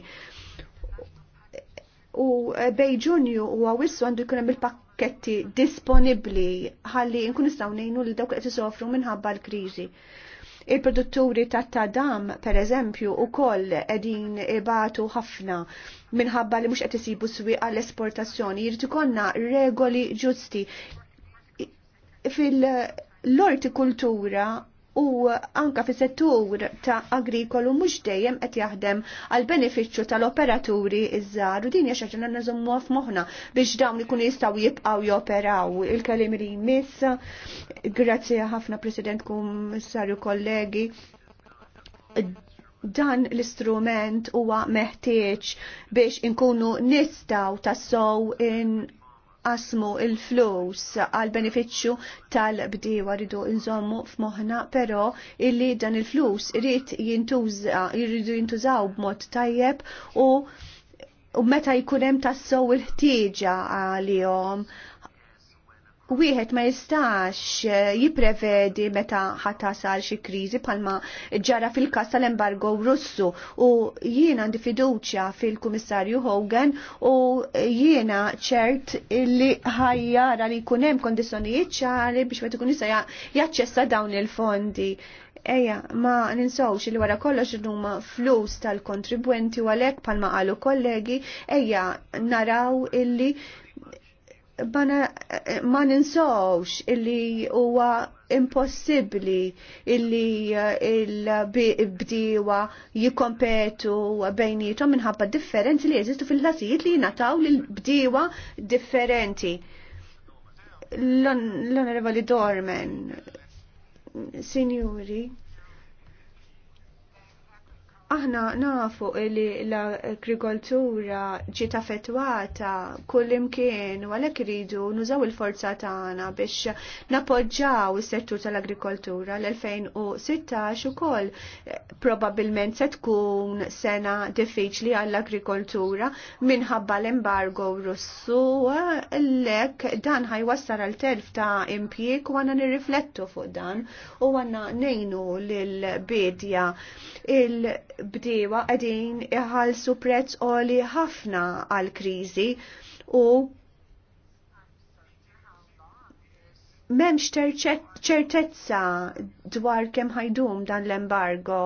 U eh, bej ġunju u għawissu għandu jkun hemm il-pakketti disponibbli ħalli nkun nistgħu ngħinu li dawk qed isofru minħabba l-kriżi. Il-produtturi ta' tadam, per eżempju, u koll edin ibatu ħafna minħabba li mux qed isibu swi għall-esportazzjoni. Jirti konna regoli ġusti fil kultura u anka fi settur ta' agrikolu mhux dejjem qed jaħdem għal benefiċċju tal-operaturi iż-żar u din hija xi nażommu f'moħħna biex dawn ikunu jistgħu jibqgħu joperaw il-kelim li jmiss. Grazzi ħafna President saru kollegi dan l-istrument huwa meħtieġ biex inkunu nistaw tassow in qasmu il-flus għal beneficju tal-bdiewa rridu nżommu f'moħħna, però illi dan il-flus irrid jiridu jintużaw b'mod tajjeb u u meta jkun hemm tassew il-ħtieġa għalihom wieħed ma jistax eh, jipprevedi meta sar xi kriżi palma ġara fil-kas tal-embargo Russu u jiena għandi fiduċja fil-Kummissarju Hogan u jiena ċert li ħajjara li jkun hemm kondizzjonijiet ċari biex meta jkun jista' jaċċessa dawn il-fondi. Eja, ma ninsawx li wara kollox huma flus tal-kontribwenti u għalhekk palma qalu kollegi, eja naraw illi bana ma ninsawx illi huwa impossibbli illi eh, il bdiwa jikompetu bejnietom minħabba differenzi li jeżistu fil-ħasijiet li jingħataw lil bdiwa differenti. L-Onorevoli Dormen, Sinjuri, Aħna nafu li l-agrikoltura ġiet affettwata kull imkien u għalhekk iridu nużaw il-forza tagħna biex napoġġaw is-settur tal-agrikoltura l-2016 ukoll eh, probabbilment se tkun sena diffiċli għall-agrikoltura minħabba l-embargo Russu eh, lek dan ħajwassar għal terf ta' impjieg u għandna nirriflettu fuq dan u għandna nejnu lil-bedja il- bdiewa qegħdin iħallsu prezz għoli ħafna għal kriżi u memx ċertezza dwar kemm ħajdum dan l-embargo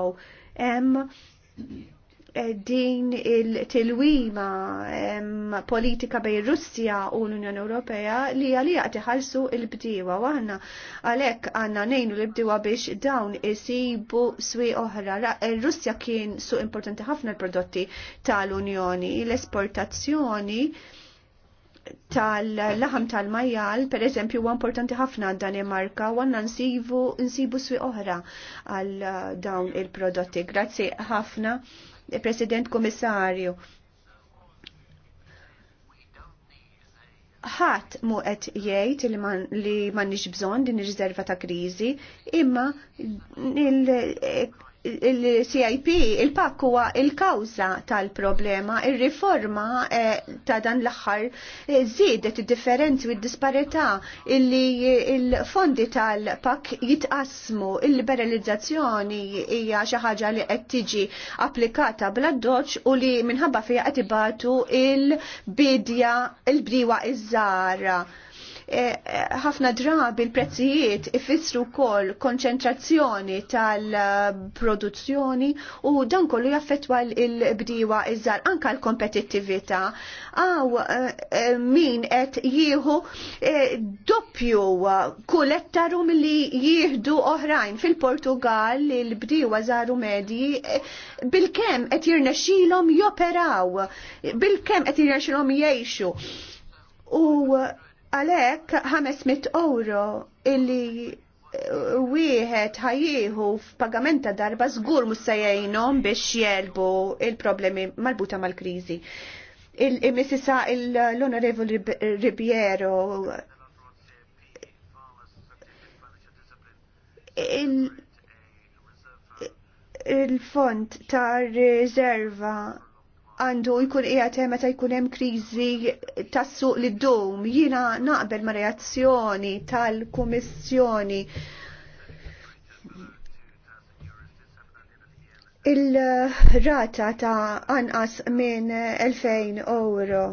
hemm Eh, din il-tilwima politika bej Russja u l-Unjoni Ewropea li għalija tiħalsu il-bdiewa u għalek għalhekk għandna ngħinu l bdiwa biex dawn isibu swi oħra. Eh, Russja kien su importanti ħafna l-prodotti tal-Unjoni, l-esportazzjoni tal-laħam tal-majjal, per eżempju, huwa importanti ħafna Danimarka u għanna nsibu swi oħra għal eh, dawn il-prodotti. Grazie ħafna. President Komissarju. ħadd mu qed jgħid li m'għandniex bżonn din ir-riserva ta' kriżi, imma il-CIP, il-PAK huwa il-kawza tal-problema, il-riforma eh, ta' dan l-axħar zidet eh, il-differenzi u il-disparità illi eh, il-fondi tal-PAK jitqasmu, il-liberalizzazzjoni hija xi ħaġa li qed tiġi applikata bla doċ u li minħabba fija qed il bidja il briwa iż żara il żara ħafna drabi l-prezzijiet ifissru kol konċentrazzjoni tal-produzzjoni u dan kollu jaffetwa l-bdiwa iżar anka l-kompetittività. Għaw eh, eh, min qed jieħu eh, doppju kull ettaru li jieħdu oħrajn fil-Portugal l-bdiwa żaru medji bil-kem qed jirnexilom joperaw, bil-kem qed jirnexilom jgħixu. U Għalek 500 euro illi eh, wieħed ħajjieħu f'pagament ta' darba żgur mhux se jgħinhom biex jelbu il-problemi marbuta mal-kriżi. Il-missisa l-Onorevoli Ribiero il-fond ta' riserva għandu jkun qiegħed meta jkun hemm kriżi tas-suq li ddum. Jiena naqbel ma' reazzjoni tal-Kummissjoni il-rata ta' anqas minn 2000 euro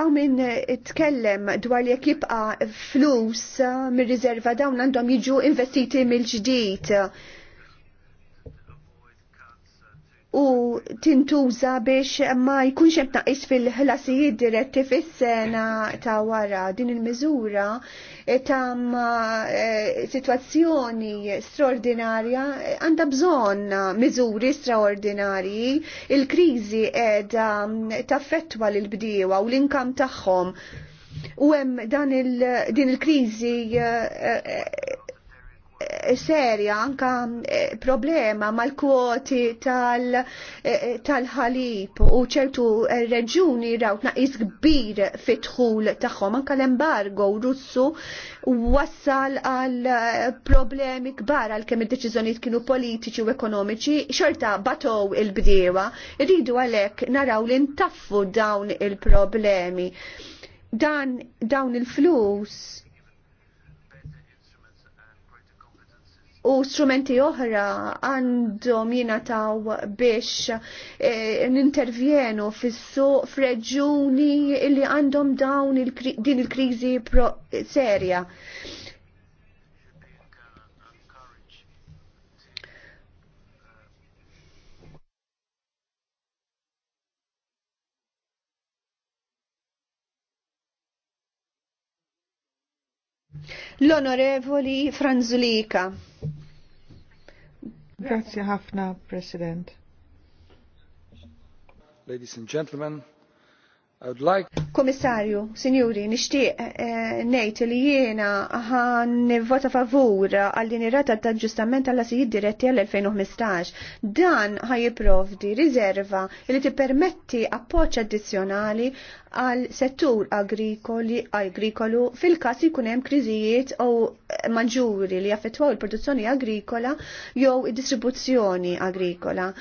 Għaw minn itkellem dwar jekk jibqa' flus eh, mir-riserva dawn għandhom jiġu investiti mill-ġdid u tintuża biex ma jkunx hemm taqis fil-ħlasijiet diretti fis-sena ta' wara din il-miżura ta' eh, situazzjoni straordinarja eh, għandha bżonn miżuri straordinarji il-kriżi qiegħda mm, taffettwa lil bdiewa u l-inkam tagħhom u hemm dan il din il-kriżi eh, serja anka eh, problema mal-kwoti eh, tal-ħalib u ċertu eh, reġuni raw naqis kbir fitħul tagħhom anka l-embargo russu wassal għal problemi kbar għal kemm id-deċiżjonijiet kienu politiċi u ekonomiċi xorta batow il-bdiewa rridu għalhekk naraw li ntaffu dawn il-problemi dan dawn il-flus u strumenti oħra għandhom jinataw biex e, nintervjenu fis-suq illi li għandhom dawn il din il-kriżi serja. L-Onorevoli Franzulika. Grazie ħafna, President. Ladies and gentlemen, Komissarju, sinjuri, nishtiq eh, nejt li jiena ħan vota favur għallin irrata ta' ġustament għalla si diretti għall-2015. Dan ħaj jiprovdi riserva li ti permetti appoċ addizjonali għal settur agrikoli agrikolu fil-kas jkun hemm kriżijiet u manġuri li jaffetwaw il-produzzjoni agrikola jew id-distribuzzjoni agrikola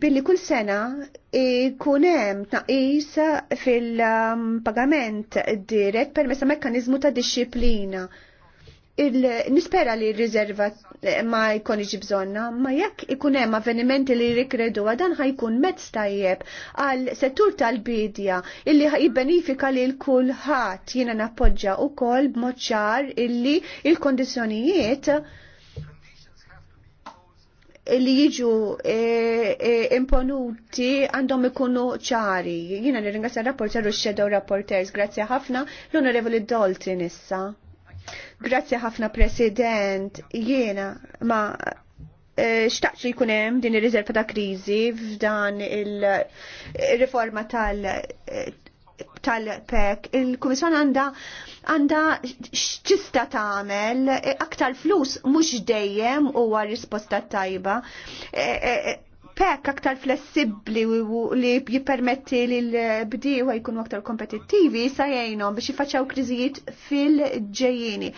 billi kull sena ikunem hemm fil-pagament per permezz mekkaniżmu ta' disċiplina. Nispera li r-riserva ma iġi bżonna, ma jekk ikun hemm avvenimenti li rikredu għadan ħajkun mezz tajjeb għal settur tal-bidja illi jibbenifika li l-kulħadd jiena nappoġġa wkoll kol ċar illi il-kondizzjonijiet il kondizjonijiet il li jiġu e, e, imponuti għandhom ikunu ċari. Jina nirringrazzja rapporter u shadow rapporters, Grazie ħafna l-Onorevoli Dolti issa. Grazie ħafna President, jiena ma e, xtaqt li jkunem din ir-riserva ta' kriżi f'dan il-riforma tal- tal-PEC, il-Kummissjoni għanda għanda x'tista tagħmel e, aktar flus mhux dejjem huwa risposta tajba. E, e, PEC aktar flessibbli li jippermetti li l-bdiewa jkunu aktar kompetittivi sa jgħinhom biex jifaċċaw kriżijiet fil ġejjini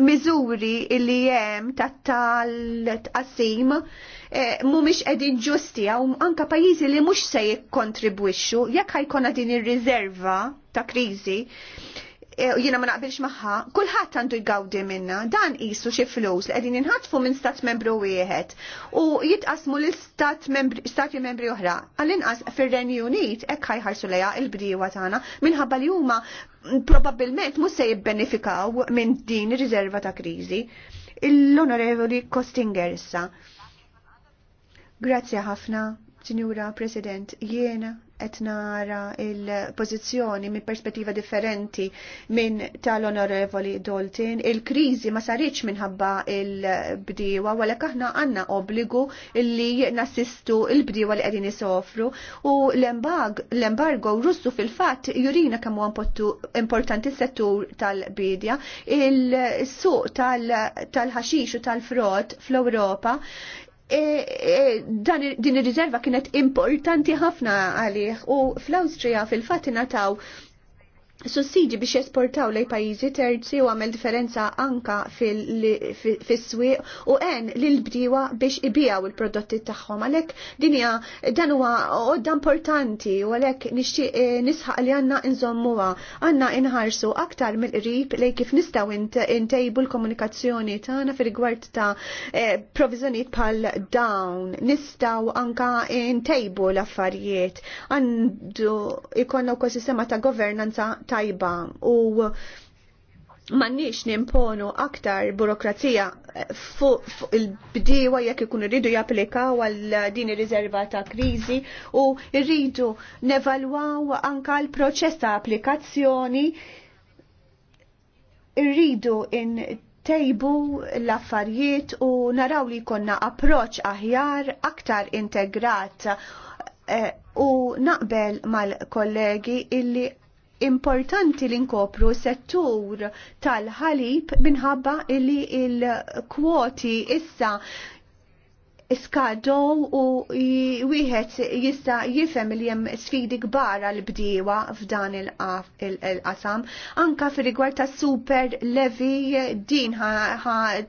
miżuri li jem tal qasim mu eh, mumiex edin ġusti għaw anka pajizi li mux se jikkontribwixxu jekk ħajkona din ir-riserva ta' krizi eh, jina ma naqbilx maħħa, kullħat għandu jgawdi minna, dan jisu xie flus li għedin inħatfu minn stat membru wieħed u jitqasmu l stat membri, stati membri oħra. Għallin qas fil-Renju Unit ek ħajħarsu leja il-bdiewa tagħna minħabba li huma probabilment mhux se jibbenefikaw minn din ir-riserva ta' kriżi. L-Onorevoli Kostingersa. Grazie Grazzi ħafna, Sinjura President, jiena qed nara il-pożizzjoni minn perspettiva differenti minn tal-Onorevoli Doltin. Il-kriżi ma saritx minħabba il-bdiewa għalhekk aħna għandna obbligu li nassistu il bdiwa li qegħdin jisofru u l-embargo russu fil-fatt jurina kemm huwa importanti settur tal-bidja, il-suq tal-ħaxix u tal frot fl-Ewropa E, e, dan din ir-riserva kienet importanti ħafna għalih u fl-Awstrija fil-fatt ingħataw sussidi biex jesportaw lej pajizi terzi u għamil differenza anka fil-swieq u għen l-bdiwa biex ibijaw il-prodotti tagħhom. Għalek dinja dan huwa għodda importanti u għalek eh, nisħaq li għanna nżommuwa, għanna inħarsu aktar mill-qrib lej kif nistaw intejbu l-komunikazzjoni tagħna fil-rigward ta' eh, provizjoniet pal dawn nistaw anka intejbu l-affarijiet. Għandu ikonna u sistema ta' governanza tajba u mannix nimponu aktar burokrazija fuq fu il-bdiewa jekk ikun rridu japplikaw għal din ir-riserva ta' kriżi u rridu nevalwaw anka l-proċess ta' applikazzjoni irridu in tejbu l-affarijiet u naraw li konna approċ aħjar aktar integrat eh, u naqbel mal-kollegi illi importanti li nkopru settur tal-ħalib minħabba li il-kwoti issa iskadow u wieħed jista' jifhem li hemm sfidi kbar għal bdiewa f'dan il-qasam. Anka fir-rigward ta' super levi din ħa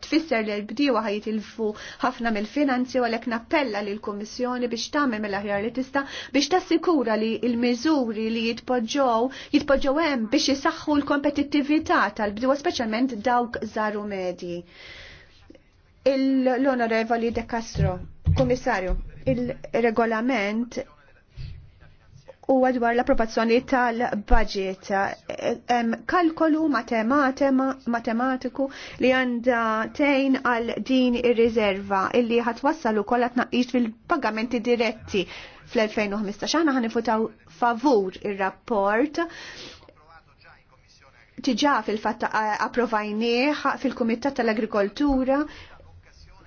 tfisser li l-bdiewa ħajtilfu ħafna mill-finanzi u għalhekk nappella lill kummissjoni biex tagħmel mill-aħjar li tista' biex tassikura li l-miżuri li jitpoġġew jitpoġġew hemm biex isaħħu l-kompetittività tal-bdiewa speċjalment dawk żaru medji l-Onorevoli De Castro, Komissarju, il-regolament u għadwar l-approvazzjoni tal-budget. Kalkolu matematiku li għanda tejn għal din ir-riserva illi ħatwassal u kolla tnaqqix fil-pagamenti diretti fl-2015. Aħna ħanifutaw favur ir-rapport tiġa fil-fatta eh, approvajnieħ fil-Kumitat tal-Agrikoltura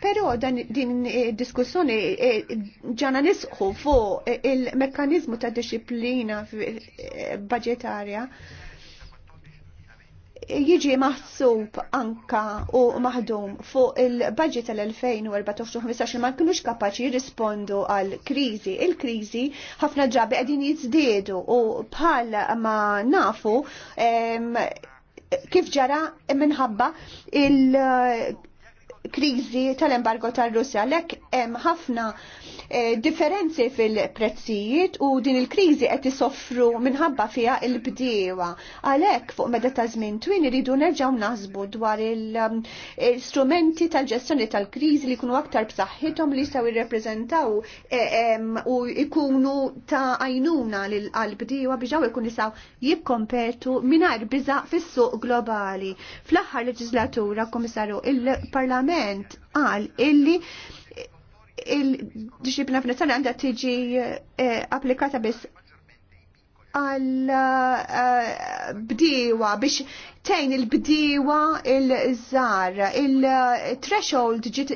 Pero dan din eh, diskussjoni eh, ġana nisħu fuq eh, il-mekkanizmu ta' disciplina budgetarja jiġi maħsub anka u maħdum fuq il-budget tal-2014-15 ma kienux kapaċi jirrispondu għal krizi. Il-krizi ħafna ġabi għedin jizdedu u bħal ma nafu kif ġara minħabba il- kriżi tal-embargo tar-Russja. Lek hemm ħafna Eh, differenzi fil-prezzijiet u din il-kriżi qed isofru minħabba fiha il-bdiewa. Għalhekk fuq meta ta' żmien twin iridu nerġgħu naħsbu dwar um, il-strumenti tal-ġestjoni tal-kriżi li jkunu aktar b'saħħithom li jistgħu jirrepreżentaw eh, u jkunu ta' għajnuna għall bdiewa biex hawn ikun jistgħu jikkompetu mingħajr biża fis-suq globali. Fl-aħħar leġislatura, Komissarju, il-Parlament qal illi il-disciplina finanzjarja għandha tiġi eh, applikata biss għal eh, bdiwa biex tejn il bdiwa il-żar, il-threshold ġiet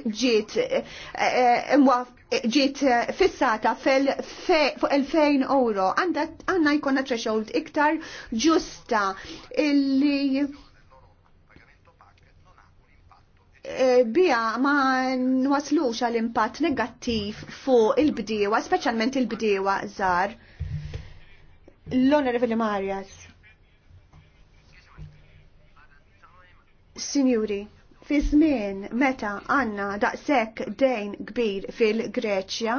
ġiet eh, fissata fuq 2000 euro. Għanna jkonna threshold iktar ġusta illi Eh, bija ma nwaslux għal impatt negattiv fuq il-bdiewa, speċjalment il-bdiewa zar. L-Onorevoli Marjas. Signuri, fi żmien meta għandna daqshekk dejn kbir fil-Greċja,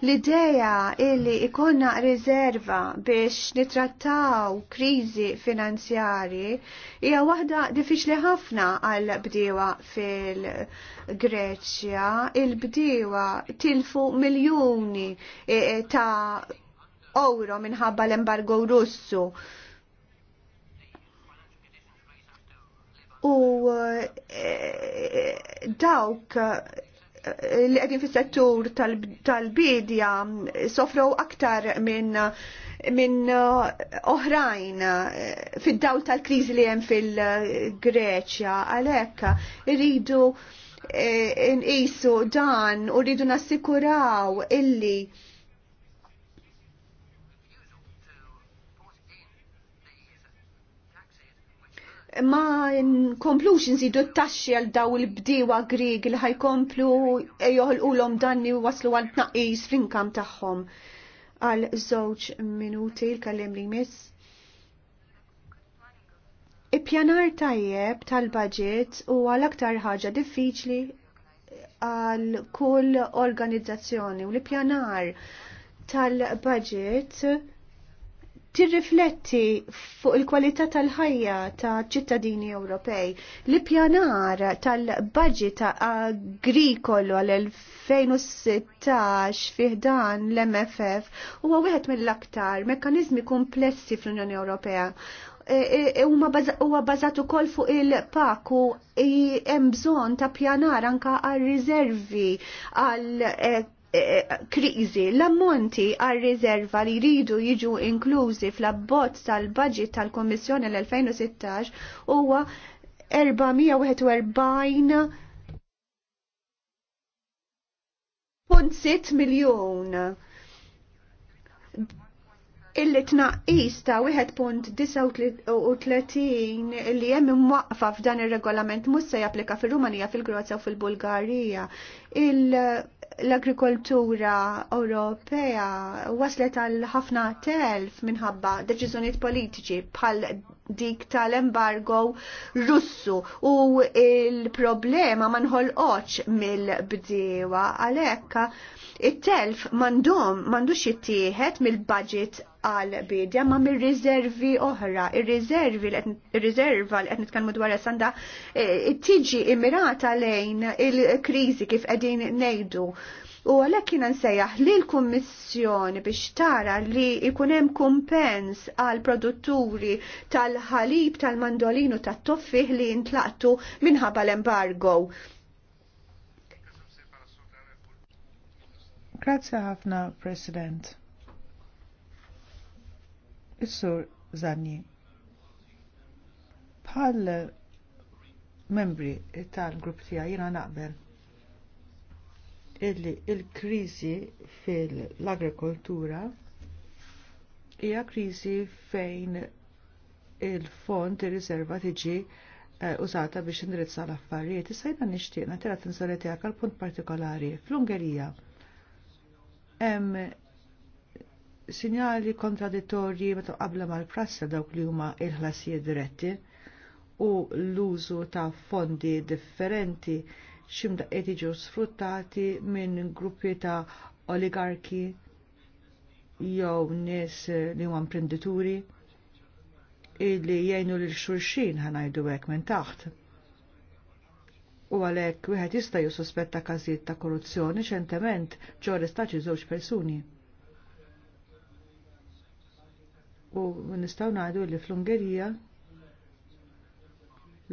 L-ideja illi ikonna riserva biex nitrattaw krizi finanzjari hija waħda diffiċli ħafna għal bdiewa fil-Greċja. Il-bdiewa tilfu miljuni e, e, ta' euro minħabba l-embargo russu. U e, e dawk li għedin fis settur tal-bidja sofrow aktar minn minn uh, oħrajn uh, fid-dawl tal-kriżi li hemm fil-Greċja għalhekk irridu eh, nqisu dan u rridu nassikuraw illi ma nkomplux nżidu t-taxxi għal daw il-bdiewa Grieg li ħajkomplu joħolqulhom danni u waslu għal tnaqqis fl-inkam tagħhom. Għal żewġ minuti l kallem li miss. Ippjanar tajjeb tal-budget huwa l-aktar ħaġa diffiċli għal kull organizzazzjoni u l-ippjanar tal-budget tirrifletti fuq il-kwalità tal-ħajja ta' ċittadini Ewropej. L-ippjanar tal-budget agrikolu għal-2016 fiħdan l-MFF huwa wieħed mill-aktar mekanizmi komplessi fl-Unjoni Ewropea e, e, e, huwa bażat ukoll fuq il-pak u hemm bżonn ta' pjanar anka għal riservi għal Eh, eh, kriżi l-ammonti għal rizerva li jridu jiġu inklużi fl-abbozz tal-budget tal komissjoni l-2016 huwa 441.6 miljon illi tnaqis ta' 1.39 li hemm imwaqfa f'dan ir-regolament mhux se japplika fir-Rumanija, fil-Grozja u fil-Bulgarija. L-agrikoltura Ewropea waslet għal ħafna telf minħabba deċiżjonijiet politiċi bħal dik tal-embargo russu u il-problema ma nħolqoċ mill-bdiewa għalhekk it-telf mandom mandux jittieħed mill-budget għal bidja ma mill riservi oħra. ir rizervi il riserva li qed nitkellmu dwar sanda eh, tiġi immirata lejn il-kriżi kif qegħdin ngħidu U għalhekk kien nsejjaħ li l-Kummissjoni biex tara li ikunem hemm kumpens għal produtturi tal-ħalib tal-mandolinu tat toffiħ li jintlaqtu minħabba l-embargo. Grazie ħafna, President. Is-sur Zanni. Bħal membri tal-grupp tiegħi jina naqbel illi il-kriżi fil-agrikoltura hija kriżi fejn il-fond ir-riserva tiġi eh, użata biex indirizza l-affarijiet. Issa jiena nixtieq nagħtilha attenzjoni tiegħek għal punt partikolari. Fl-Ungerija hemm sinjali kontradittorji meta qabla mal-prassa dawk li huma il-ħlasijiet diretti u l-użu ta' fondi differenti ximdaqqiet etiġu sfruttati minn gruppi ta' oligarki jew nies li huma imprenditori illi jgħinu lil xulxin ħanajdu hekk minn taħt. U għalhekk wieħed jista' jissuspetta każijiet ta' korruzzjoni ċentement ġo arrestati żewġ persuni. U nistgħu ngħidu li fl-Ungerija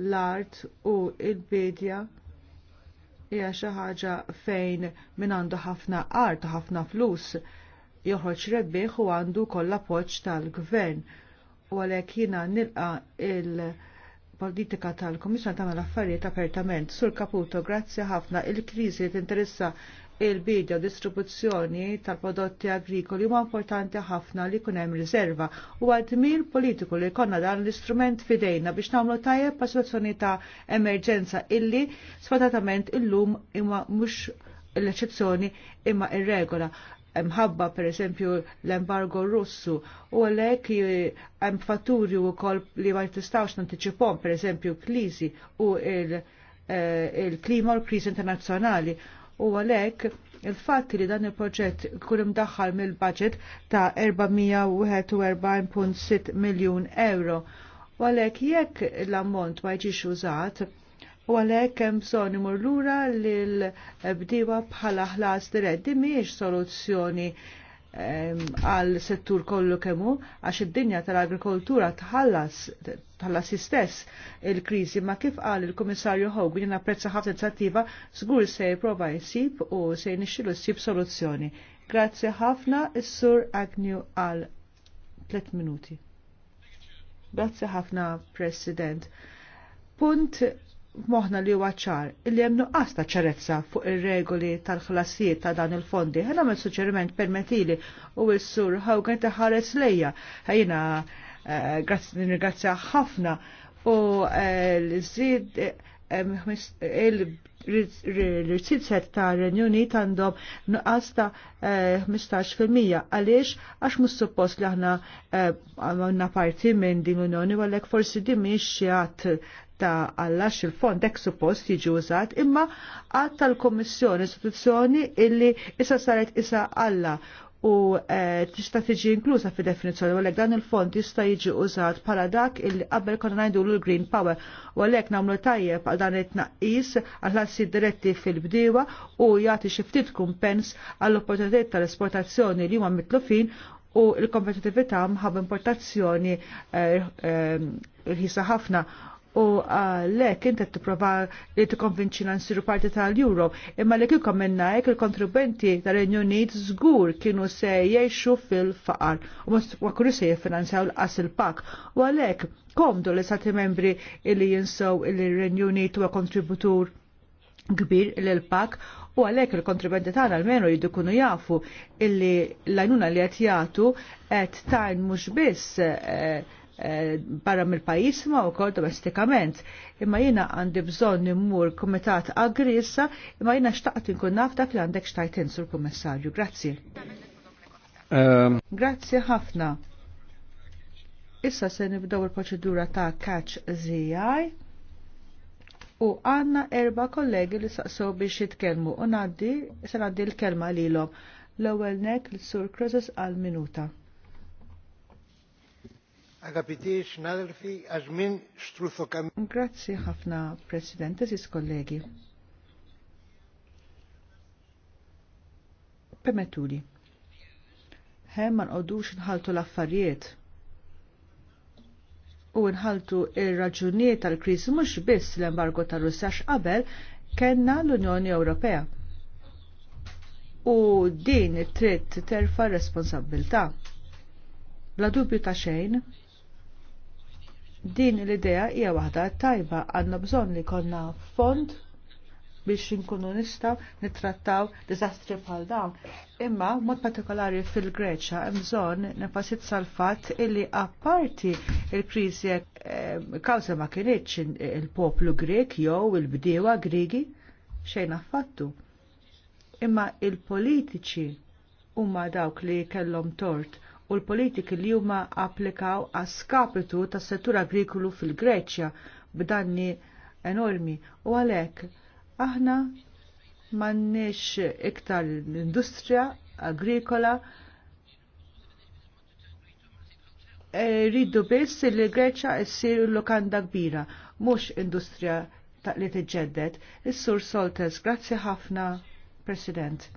l-art u l-bidja hija xi ħaġa fejn min għandu ħafna art, ħafna flus, joħroġ rebbieħ u għandu kollha appoġġ tal-gvern. U għalhekk jiena nilqa il-politika tal-Komissjoni tagħmel affarijiet apertament. Sur Caputo, grazzi ħafna il-kriżi tinteressa il-bidja distribuzzjoni tal-prodotti agrikoli huwa importanti ħafna li jkun hemm riserva u għadmir politiku li jkollna dan l-istrument fidejna biex nagħmlu tajjeb pa' situazzjoni ta' emerġenza illi sfatatament illum imma mhux l-eċezzjoni imma ir-regola mħabba per esempio l-embargo russu u għalek hemm fatturi u kol li ma jtistawx nantiċipom per esempio klisi u eh, il-klima u l-krizi internazzjonali u għalhekk il-fatt li dan il-proġett kull imdaħħal mill-budget ta' 441.6 miljun euro. U għalhekk jekk l-ammont ma jġiex użat, u għalhekk hemm bżonn imur lura lil bdiewa bħala ħlas diretti mhijiex soluzzjoni għal settur kollu kemmu, għax id-dinja tal-agrikoltura tħallas tħallas istess il-krizi, ma kif qal il-Komissarju Hogan jena prezza ħafna inizjattiva żgur se jipprova jsib u se jnixxilu jisib soluzzjoni. Grazzi ħafna is-Sur Agnew għal 3 minuti. Grazzi ħafna, President. Punt moħna li huwa ċar illi hemm nuqqas ta' ċarezza fuq ir-regoli tal-ħlasijiet ta' dan il-fondi. Ħa nagħmel suġġeriment permettili u s-sur Hogan ta' ħares lejja. Ħajna eh, nirgrazzja ħafna u eh, l żied eh, il irsid set ta' Renjuni għandhom nuqqas ta' 15% għaliex għax mus suppost li aħna għanna parti minn din l-Unjoni għalhekk forsi din jgħat ta' għallax il-fond dek suppost jiġi użat imma għad tal komissjoni istituzzjoni illi issa saret issa għalla u eh, tista' tiġi inklusa fi definizzjoni u għalhekk dan il-fond jista' jiġi użat bħala dak illi qabel konna ngħidu l green power u għalhekk nagħmlu tajjeb għal dan it-tnaqqis għall-ħassi diretti fil-bdiewa u jagħti xi ftit kumpens għall-opportunitajiet tal-esportazzjoni li huma mitlufin u l kompetitività mħab importazzjoni eh, eh, rħisa ħafna u għalhekk inti tipprova li tikkonvinċina nsiru parti tal-Euro, imma li ikom minna hekk il-kontribenti tal-Renju Unit żgur kienu se jgħixu fil-faqar u mos kienu se jiffinanzjaw l-qas il-pak. U għalhekk komdu li sati membri illi jinsaw il-Renju Unit huwa kontributur kbir l-pak u għalek il-kontribenti tagħna almenu jiddu kunu jafu illi l-għajnuna li qed jagħtu qed tajn mhux biss eh, Eh, barra mill-pajis ma u kol domestikament. Imma jina għandi bżon immur komitat agri issa, imma jina xtaqt nkun naf dak li għandek xtaqt sur kummissarju. Grazzi. Ehm. Grazzi ħafna. Issa se nibdew il-proċedura ta' catch ZI u għanna erba kollegi li saqsow biex jitkellmu u naddi se naddi l-kelma lilhom l-ewwel nek l-sur Crozes għal minuta. Αγαπητοί συνάδελφοι, Grazie, Hafna, Presidente, sis kollegi. Pemetuli. Hemm ma nqodux nħaltu l-affarijiet u nħaltu ir-raġunijiet tal-kriżi mhux biss l-embargo tar-Russja qabel kellna l-Unjoni Ewropea. U din trid terfa' responsabilta. Bla dubju ta' xejn, Din l-idea hija waħda tajba għandna bżonn li konna fond biex inkunu nistgħu nittrattaw diżastri bħal dawn. Imma mod partikolari fil-Greċa hemm bżonn nefasizza l-fatt illi apparti il-kriżi eh, kawża ma kienitx il-poplu Grek jew il-bdiewa Grigi xejn affattu. Imma il-politiċi huma dawk li kellhom tort u l-politiki li huma applikaw għas skapitu tas settur agrikolu fil-Greċja b'danni enormi u għalhekk aħna m'għandniex iktar l-industrija agrikola e, rridu biss li Greċja ssir lokanda kbira, mhux industrija ta' li tiġġedded. Is-Sur Soltes, grazzi ħafna, President.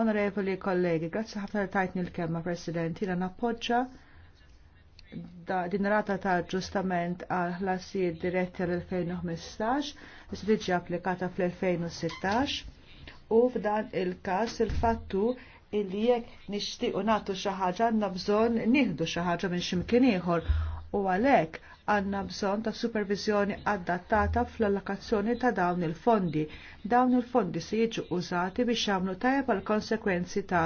Onorevoli kollegi, grazzi ħafna li tajtni l-kelma, President, jina nappoġġa din rata ta' ġustament għal ħlasijiet diretti l-2015, s tiġi applikata fl-2016 u f'dan il-każ il-fattu illi jekk nixtiequ nagħtu xi ħaġa għandna bżonn nieħdu xi ħaġa minn x'imkien ieħor u għalhekk għanna bżon ta' supervizjoni adattata fl-allokazzjoni ta' dawn il-fondi. Dawn il-fondi se jiġu użati biex jagħmlu tajjeb għal konsekwenzi ta'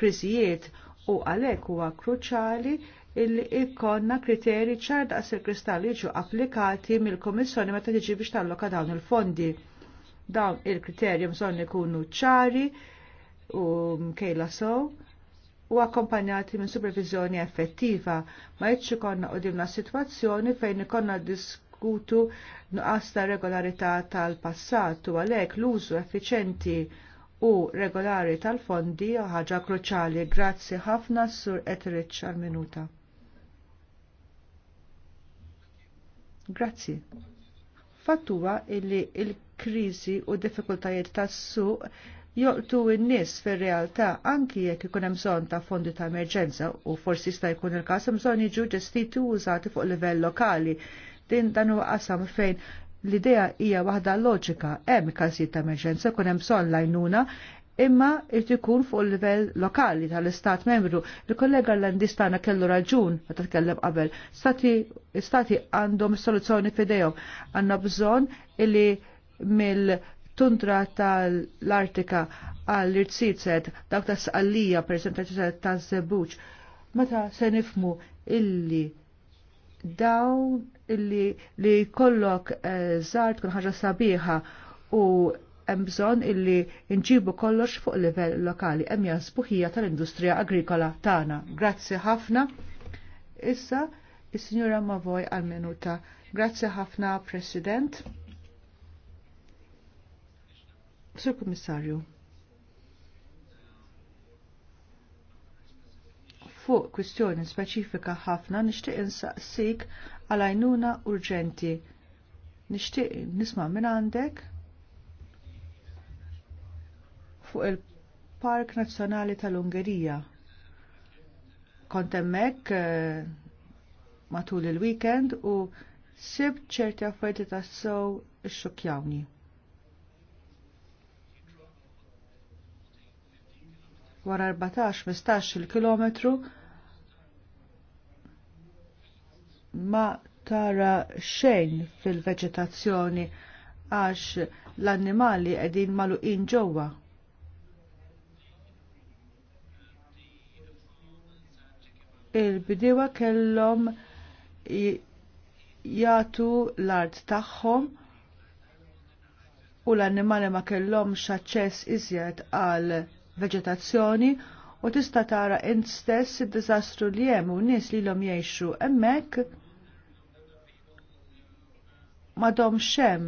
kriżijiet u għalhekk huwa kruċjali illi ikkonna kriteri ċar daqs il-kristalli jiġu applikati mill-Komissjoni meta tiġi biex talloka dawn il-fondi. Dawn il-kriterji bżonn ikunu ċari u kejla sow u akkompanjati minn supervizjoni effettiva ma jitx ikonna dimna sitwazzjoni fejn konna diskutu nuqas ta' regolarità tal-passat u għalhekk l-użu effiċenti u regolari tal-fondi ħaġa kruċali. Grazzi ħafna sur etriċ għal-minuta. Grazzi. Fattuwa illi il-krizi u diffikultajiet tas-suq joqtu n-nies fir-realtà anki jekk ikun hemm bżonn ta' fondi ta' emerġenza u forsi sta' jkun il-każ hemm bżonn jiġu ġestiti u użati fuq livell lokali. Din dan huwa qasam fejn l-idea hija waħda loġika hemm każijiet ta' emerġenza jkun hemm bżonn lajnuna imma irid ikun fuq livell lokali tal-istat membru. Il-kollega l-Landistana kellu raġun meta tkellem qabel. Stati, stati għandhom soluzzjoni fidejhom. Għandna bżonn illi mill tundra tal-Artika għall-irtsizet dawk ta' s-għallija per ta' zebuċ. Meta se nifmu illi dawn illi li kollok eh, zart kun ħaġa sabiħa u hemm bżonn illi nġibu kollox fuq livell lokali hemm jasbuħija tal-industrija agrikola tagħna. Grazzi ħafna. Issa is-Sinjura voj għal-minuta. Grazzi ħafna, President. Sur Kommissarju, fuq kwistjoni speċifika ħafna nixtieq insaqsik għal għajnuna urġenti. Nixtieq nisma' minn għandek fuq il-Park Nazzjonali tal-Ungerija. Kont hemmhekk eh, matul il-weekend u sib ċerti affarijiet tas-sow xokjawni. wara 14-15 km ma tara xejn fil-veġetazzjoni għax l-annimali qegħdin maluqin ġewwa. il-bidiwa kellom jagħtu l-art tagħhom u l-annimali ma kellhomx aċċess iżjed għal veġetazzjoni u tista' tara int stess id-diżastru li hemm u nies li lhom jgħixu hemmhekk madhom xem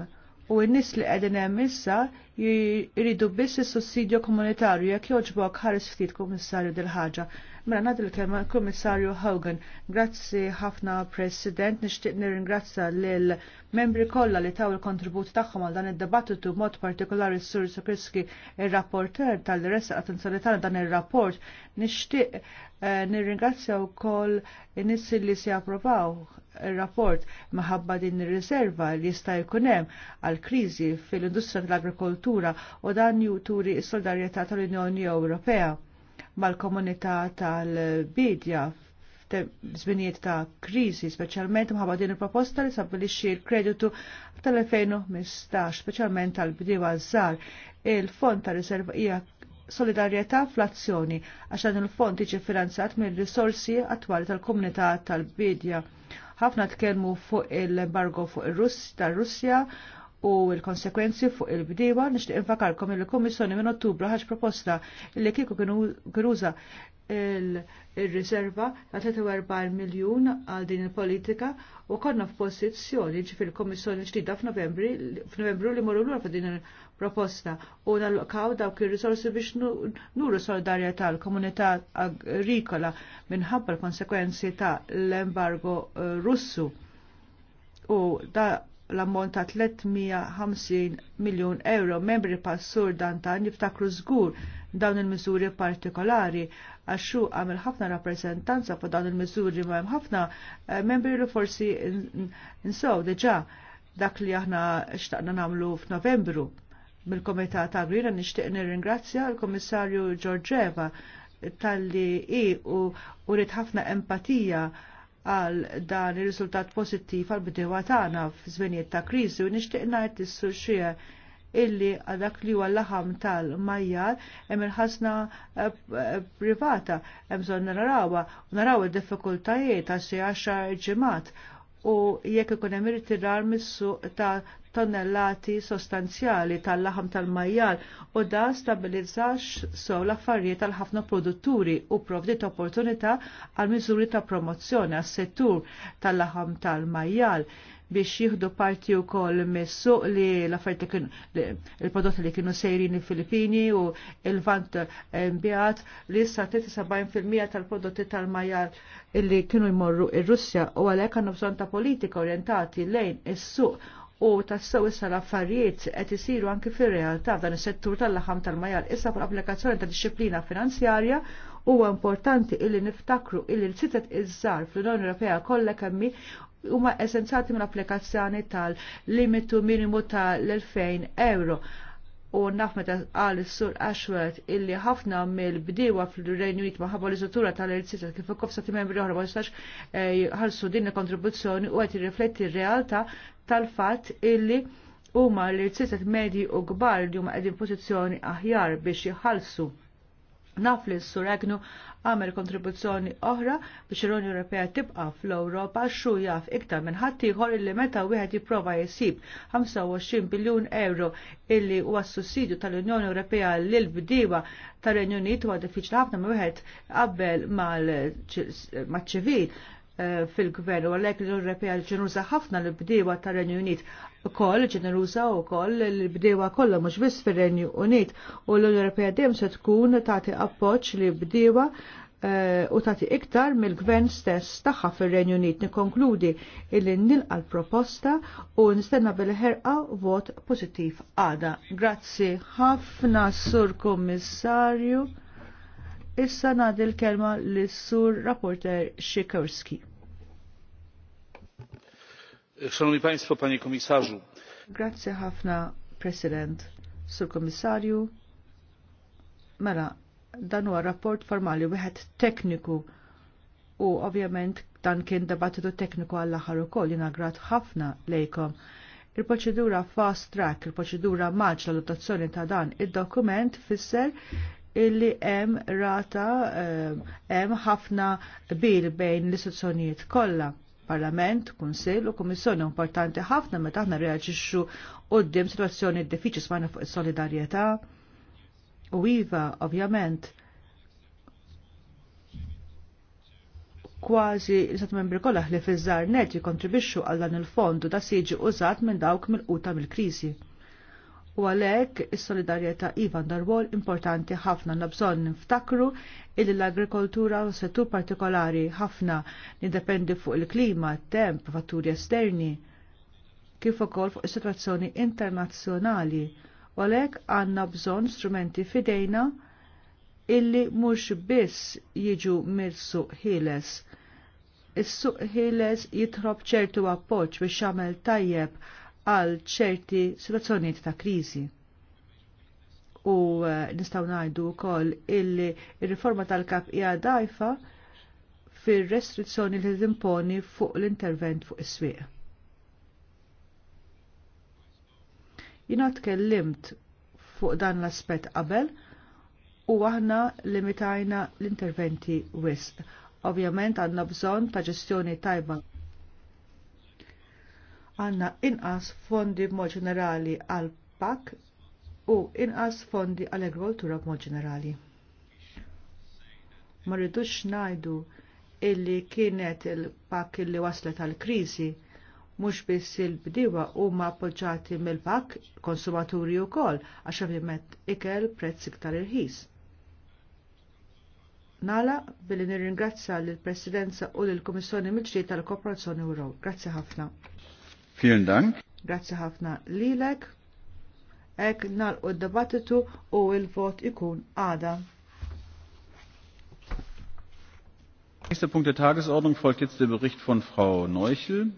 u n-nies li qegħdin hemm issa jridu biss is-sussidju komunitarju jekk jogħġbok ħares ftit kummissarju dil ħaġa Mela nagħti l-kelma Kummissarju Hogan. Grazzi ħafna President, nixtieq nirringrazzja lil membri kollha li taw il-kontribut tagħhom għal dan id-dibattitu mod partikolari s-Sur Sopiski, ir-rapporter tal-resa attenzjoni tagħna dan ir-rapport. Nixtieq eh, nirringrazzja wkoll in-nies li se approvaw rapport maħabba din riserva li jista' jkun hemm għal kriżi fil-industrija tal-agrikoltura u dan juturi s-solidarjetà tal-Unjoni Ewropea mal-komunità tal-bidja f'żminijiet ta' kriżi, speċjalment mħabba din il-proposta li sabbilixxi l-kreditu tal-2015, speċjalment tal-bdiewa żgħar. Il-fond ta' riserva hija solidarjetà fl-azzjoni għax dan il-fond jiġi finanzjat mill-risorsi attwali tal-komunità tal-bidja. Ħafna tkellmu fuq il-embargo fuq ir-Russ tal-Russja u l-konsekwenzi fuq il-bdiewa nixtieq infakarkom il-Kummissjoni minn Ottubru ħax proposta li kieku kienu il-riserva ta' 43 miljun għal din il-politika u konna f'pożizzjoni ġifir il-Kommissjoni ġdida f'Novembru li morru lura din il-proposta u nallokaw dawk ir-risorsi biex nuru solidarjetà l-komunità agrikola minħabba l-konsekwenzi ta' l-embargo eh, Russu. U da l-ammont ta' 350 miljon euro membri Dan dantan jiftakru żgur dawn il-miżuri partikolari għaxu għamil ħafna rappresentanza fuq dawn il-miżuri ma' hemm ħafna eh, membri li forsi nsow diġà dak li aħna xtaqna nagħmlu f'Novembru mill ta' Agrira nixtieq nirringrazzja l-Komissarju Giorgeva tal-li i u rrit ħafna empatija għal dan ir-riżultat pożittiv għal bdewa tagħna f'żminijiet ta' kriżi u nixtieq ngħid is xie illi dak li huwa laħam tal-majjar hemm il-ħasna eh, eh, privata hemm bżonn narawha u naraw id-diffikultajiet għal xi għaxar ġimgħat u jekk ikun hemm irtirar mis-suq ta' tonnellati sostanzjali tal-laħam tal-majjal u da stabilizzax sew l-affarijiet tal ħafna produtturi u provdit opportunità għal miżuri ta' promozzjoni għas settur tal-laħam tal-majjal biex jihdu parti u koll messu li l-affarijiet il-prodotti li kienu sejrin il-Filippini u il-vant eh, mbiħat li issa 73% tal-prodotti tal-majjal li kienu jmorru ir-Russja u għalhekk għannu bżonn ta' politika orientati lejn is-suq u tassew issa l-affarijiet qed isiru anke fir-realtà f'dan is-settur tal-laħam tal-majal issa fuq applikazzjoni ta' disċiplina finanzjarja huwa importanti illi niftakru illi l-sitet iż-żar fl-Unjoni Ewropea kollha kemmi huma essenzjati mill-applikazzjoni tal-limitu minimu tal-2000 euro u naf meta qal is-sur Ashworth illi ħafna mill-bdiewa fil-Renju Unit maħabba l-iżatura tal-erzita kif ukoll sa membri oħra ma jistax eh, ħarsu din il-kontribuzzjoni u qed jirrifletti r-realtà tal-fatt illi huma l-irtizet medji u kbar li huma qegħdin pożizzjoni aħjar biex jħallsu naf li s-sur Agnu għamel kontribuzzjoni oħra biex l-Unjoni Ewropea tibqa' fl-Ewropa xu jaf iktar minn ħadd ieħor illi meta wieħed jipprova jsib 25 biljun euro illi huwa s-sussidju tal-Unjoni Ewropea lil bdiewa tar-Renju Unit huwa diffiċli ħafna ma wieħed qabel maċ-ċivil eh, fil-gvern u għalhekk l-Unjoni Ewropea ġenuża ħafna l-bdiewa tar-Renju Unit ukoll u wkoll l-bdewa kollha mhux biss fir-Renju Unit u l-Unjoni Ewropea dejjem se tkun tagħti appoġġ li bdewa eh, u tagħti iktar mill-gvern stess tagħha fir-Renju Unit nikkonkludi illi nilqa l-proposta u nistenna bil-ħerqa vot pożittiv għada. Grazzi ħafna sur Kommissarju. Issa nagħti l-kelma lis sur rapporter Sikorski. Szanowni Państwo, Panie Komisarzu. Grazie ħafna, President, Sur Komissarju. Mela, dan huwa rapport formali wieħed tekniku u ovvjament dan kien debattitu tekniku għall-aħħar ukoll jiena grat ħafna lejkom. Il-proċedura fast track, il-proċedura maġ l-adottazzjoni ta' dan id-dokument fisser illi hemm rata eh, hemm ħafna bil bejn l-istituzzjonijiet kollha Parlament, Kunsill u Kummissjoni importanti ħafna meta aħna reaġixxu qudiem sitwazzjoni diffiċli smajna fuq is-solidarjetà. U iva, ovvjament, kważi l-istat membri kollha li fiż-żar net jikontribixxu għal dan il-fond u da siġi użat minn dawk mill-quta mill-kriżi u għalhekk is-solidarjetà iva darwol importanti ħafna nabżonn niftakru illi l-agrikoltura u settur partikolari ħafna nidependi fuq il-klima, temp, fatturi esterni, kif ukoll fuq is-sitwazzjoni internazzjonali u għalhekk għandna bżonn strumenti fidejna illi mhux biss jiġu mill-suq ħieles. Is-suq ħieles jitħrob ċertu appoġġ biex jagħmel tajjeb għal ċerti situazzjonijiet ta' kriżi. U eh, nistaw ngħidu wkoll illi il riforma tal-kap hija dajfa fir-restrizzjoni li timponi fuq l-intervent fuq is-swieq. Jina tkellimt fuq dan l-aspet qabel u aħna limitajna l-interventi wisq. Ovvjament għandna bżonn ta' ġestjoni tajba għanna inqas fondi b'mod ġenerali għal pak u inqas fondi għal agrikoltura b'mod ġenerali. Ma rridux ngħidu illi kienet il-pak illi waslet għal kriżi mhux biss il-bdiewa huma appoġġjati mill-pak konsumaturi wkoll għax ovvjament ikel prezz iktar irħis. Nala billi nirringrazzja lill presidenza u lill kummissjoni mill-ġdid tal-Kooperazzjoni Ewro. Grazzi ħafna. Vielen Dank. Grazie ħafna lilek. Ek nalqu d-dibattitu u il-vot ikun għada. Nächster Punkt der Tagesordnung folgt jetzt der Bericht von Frau Neuchel.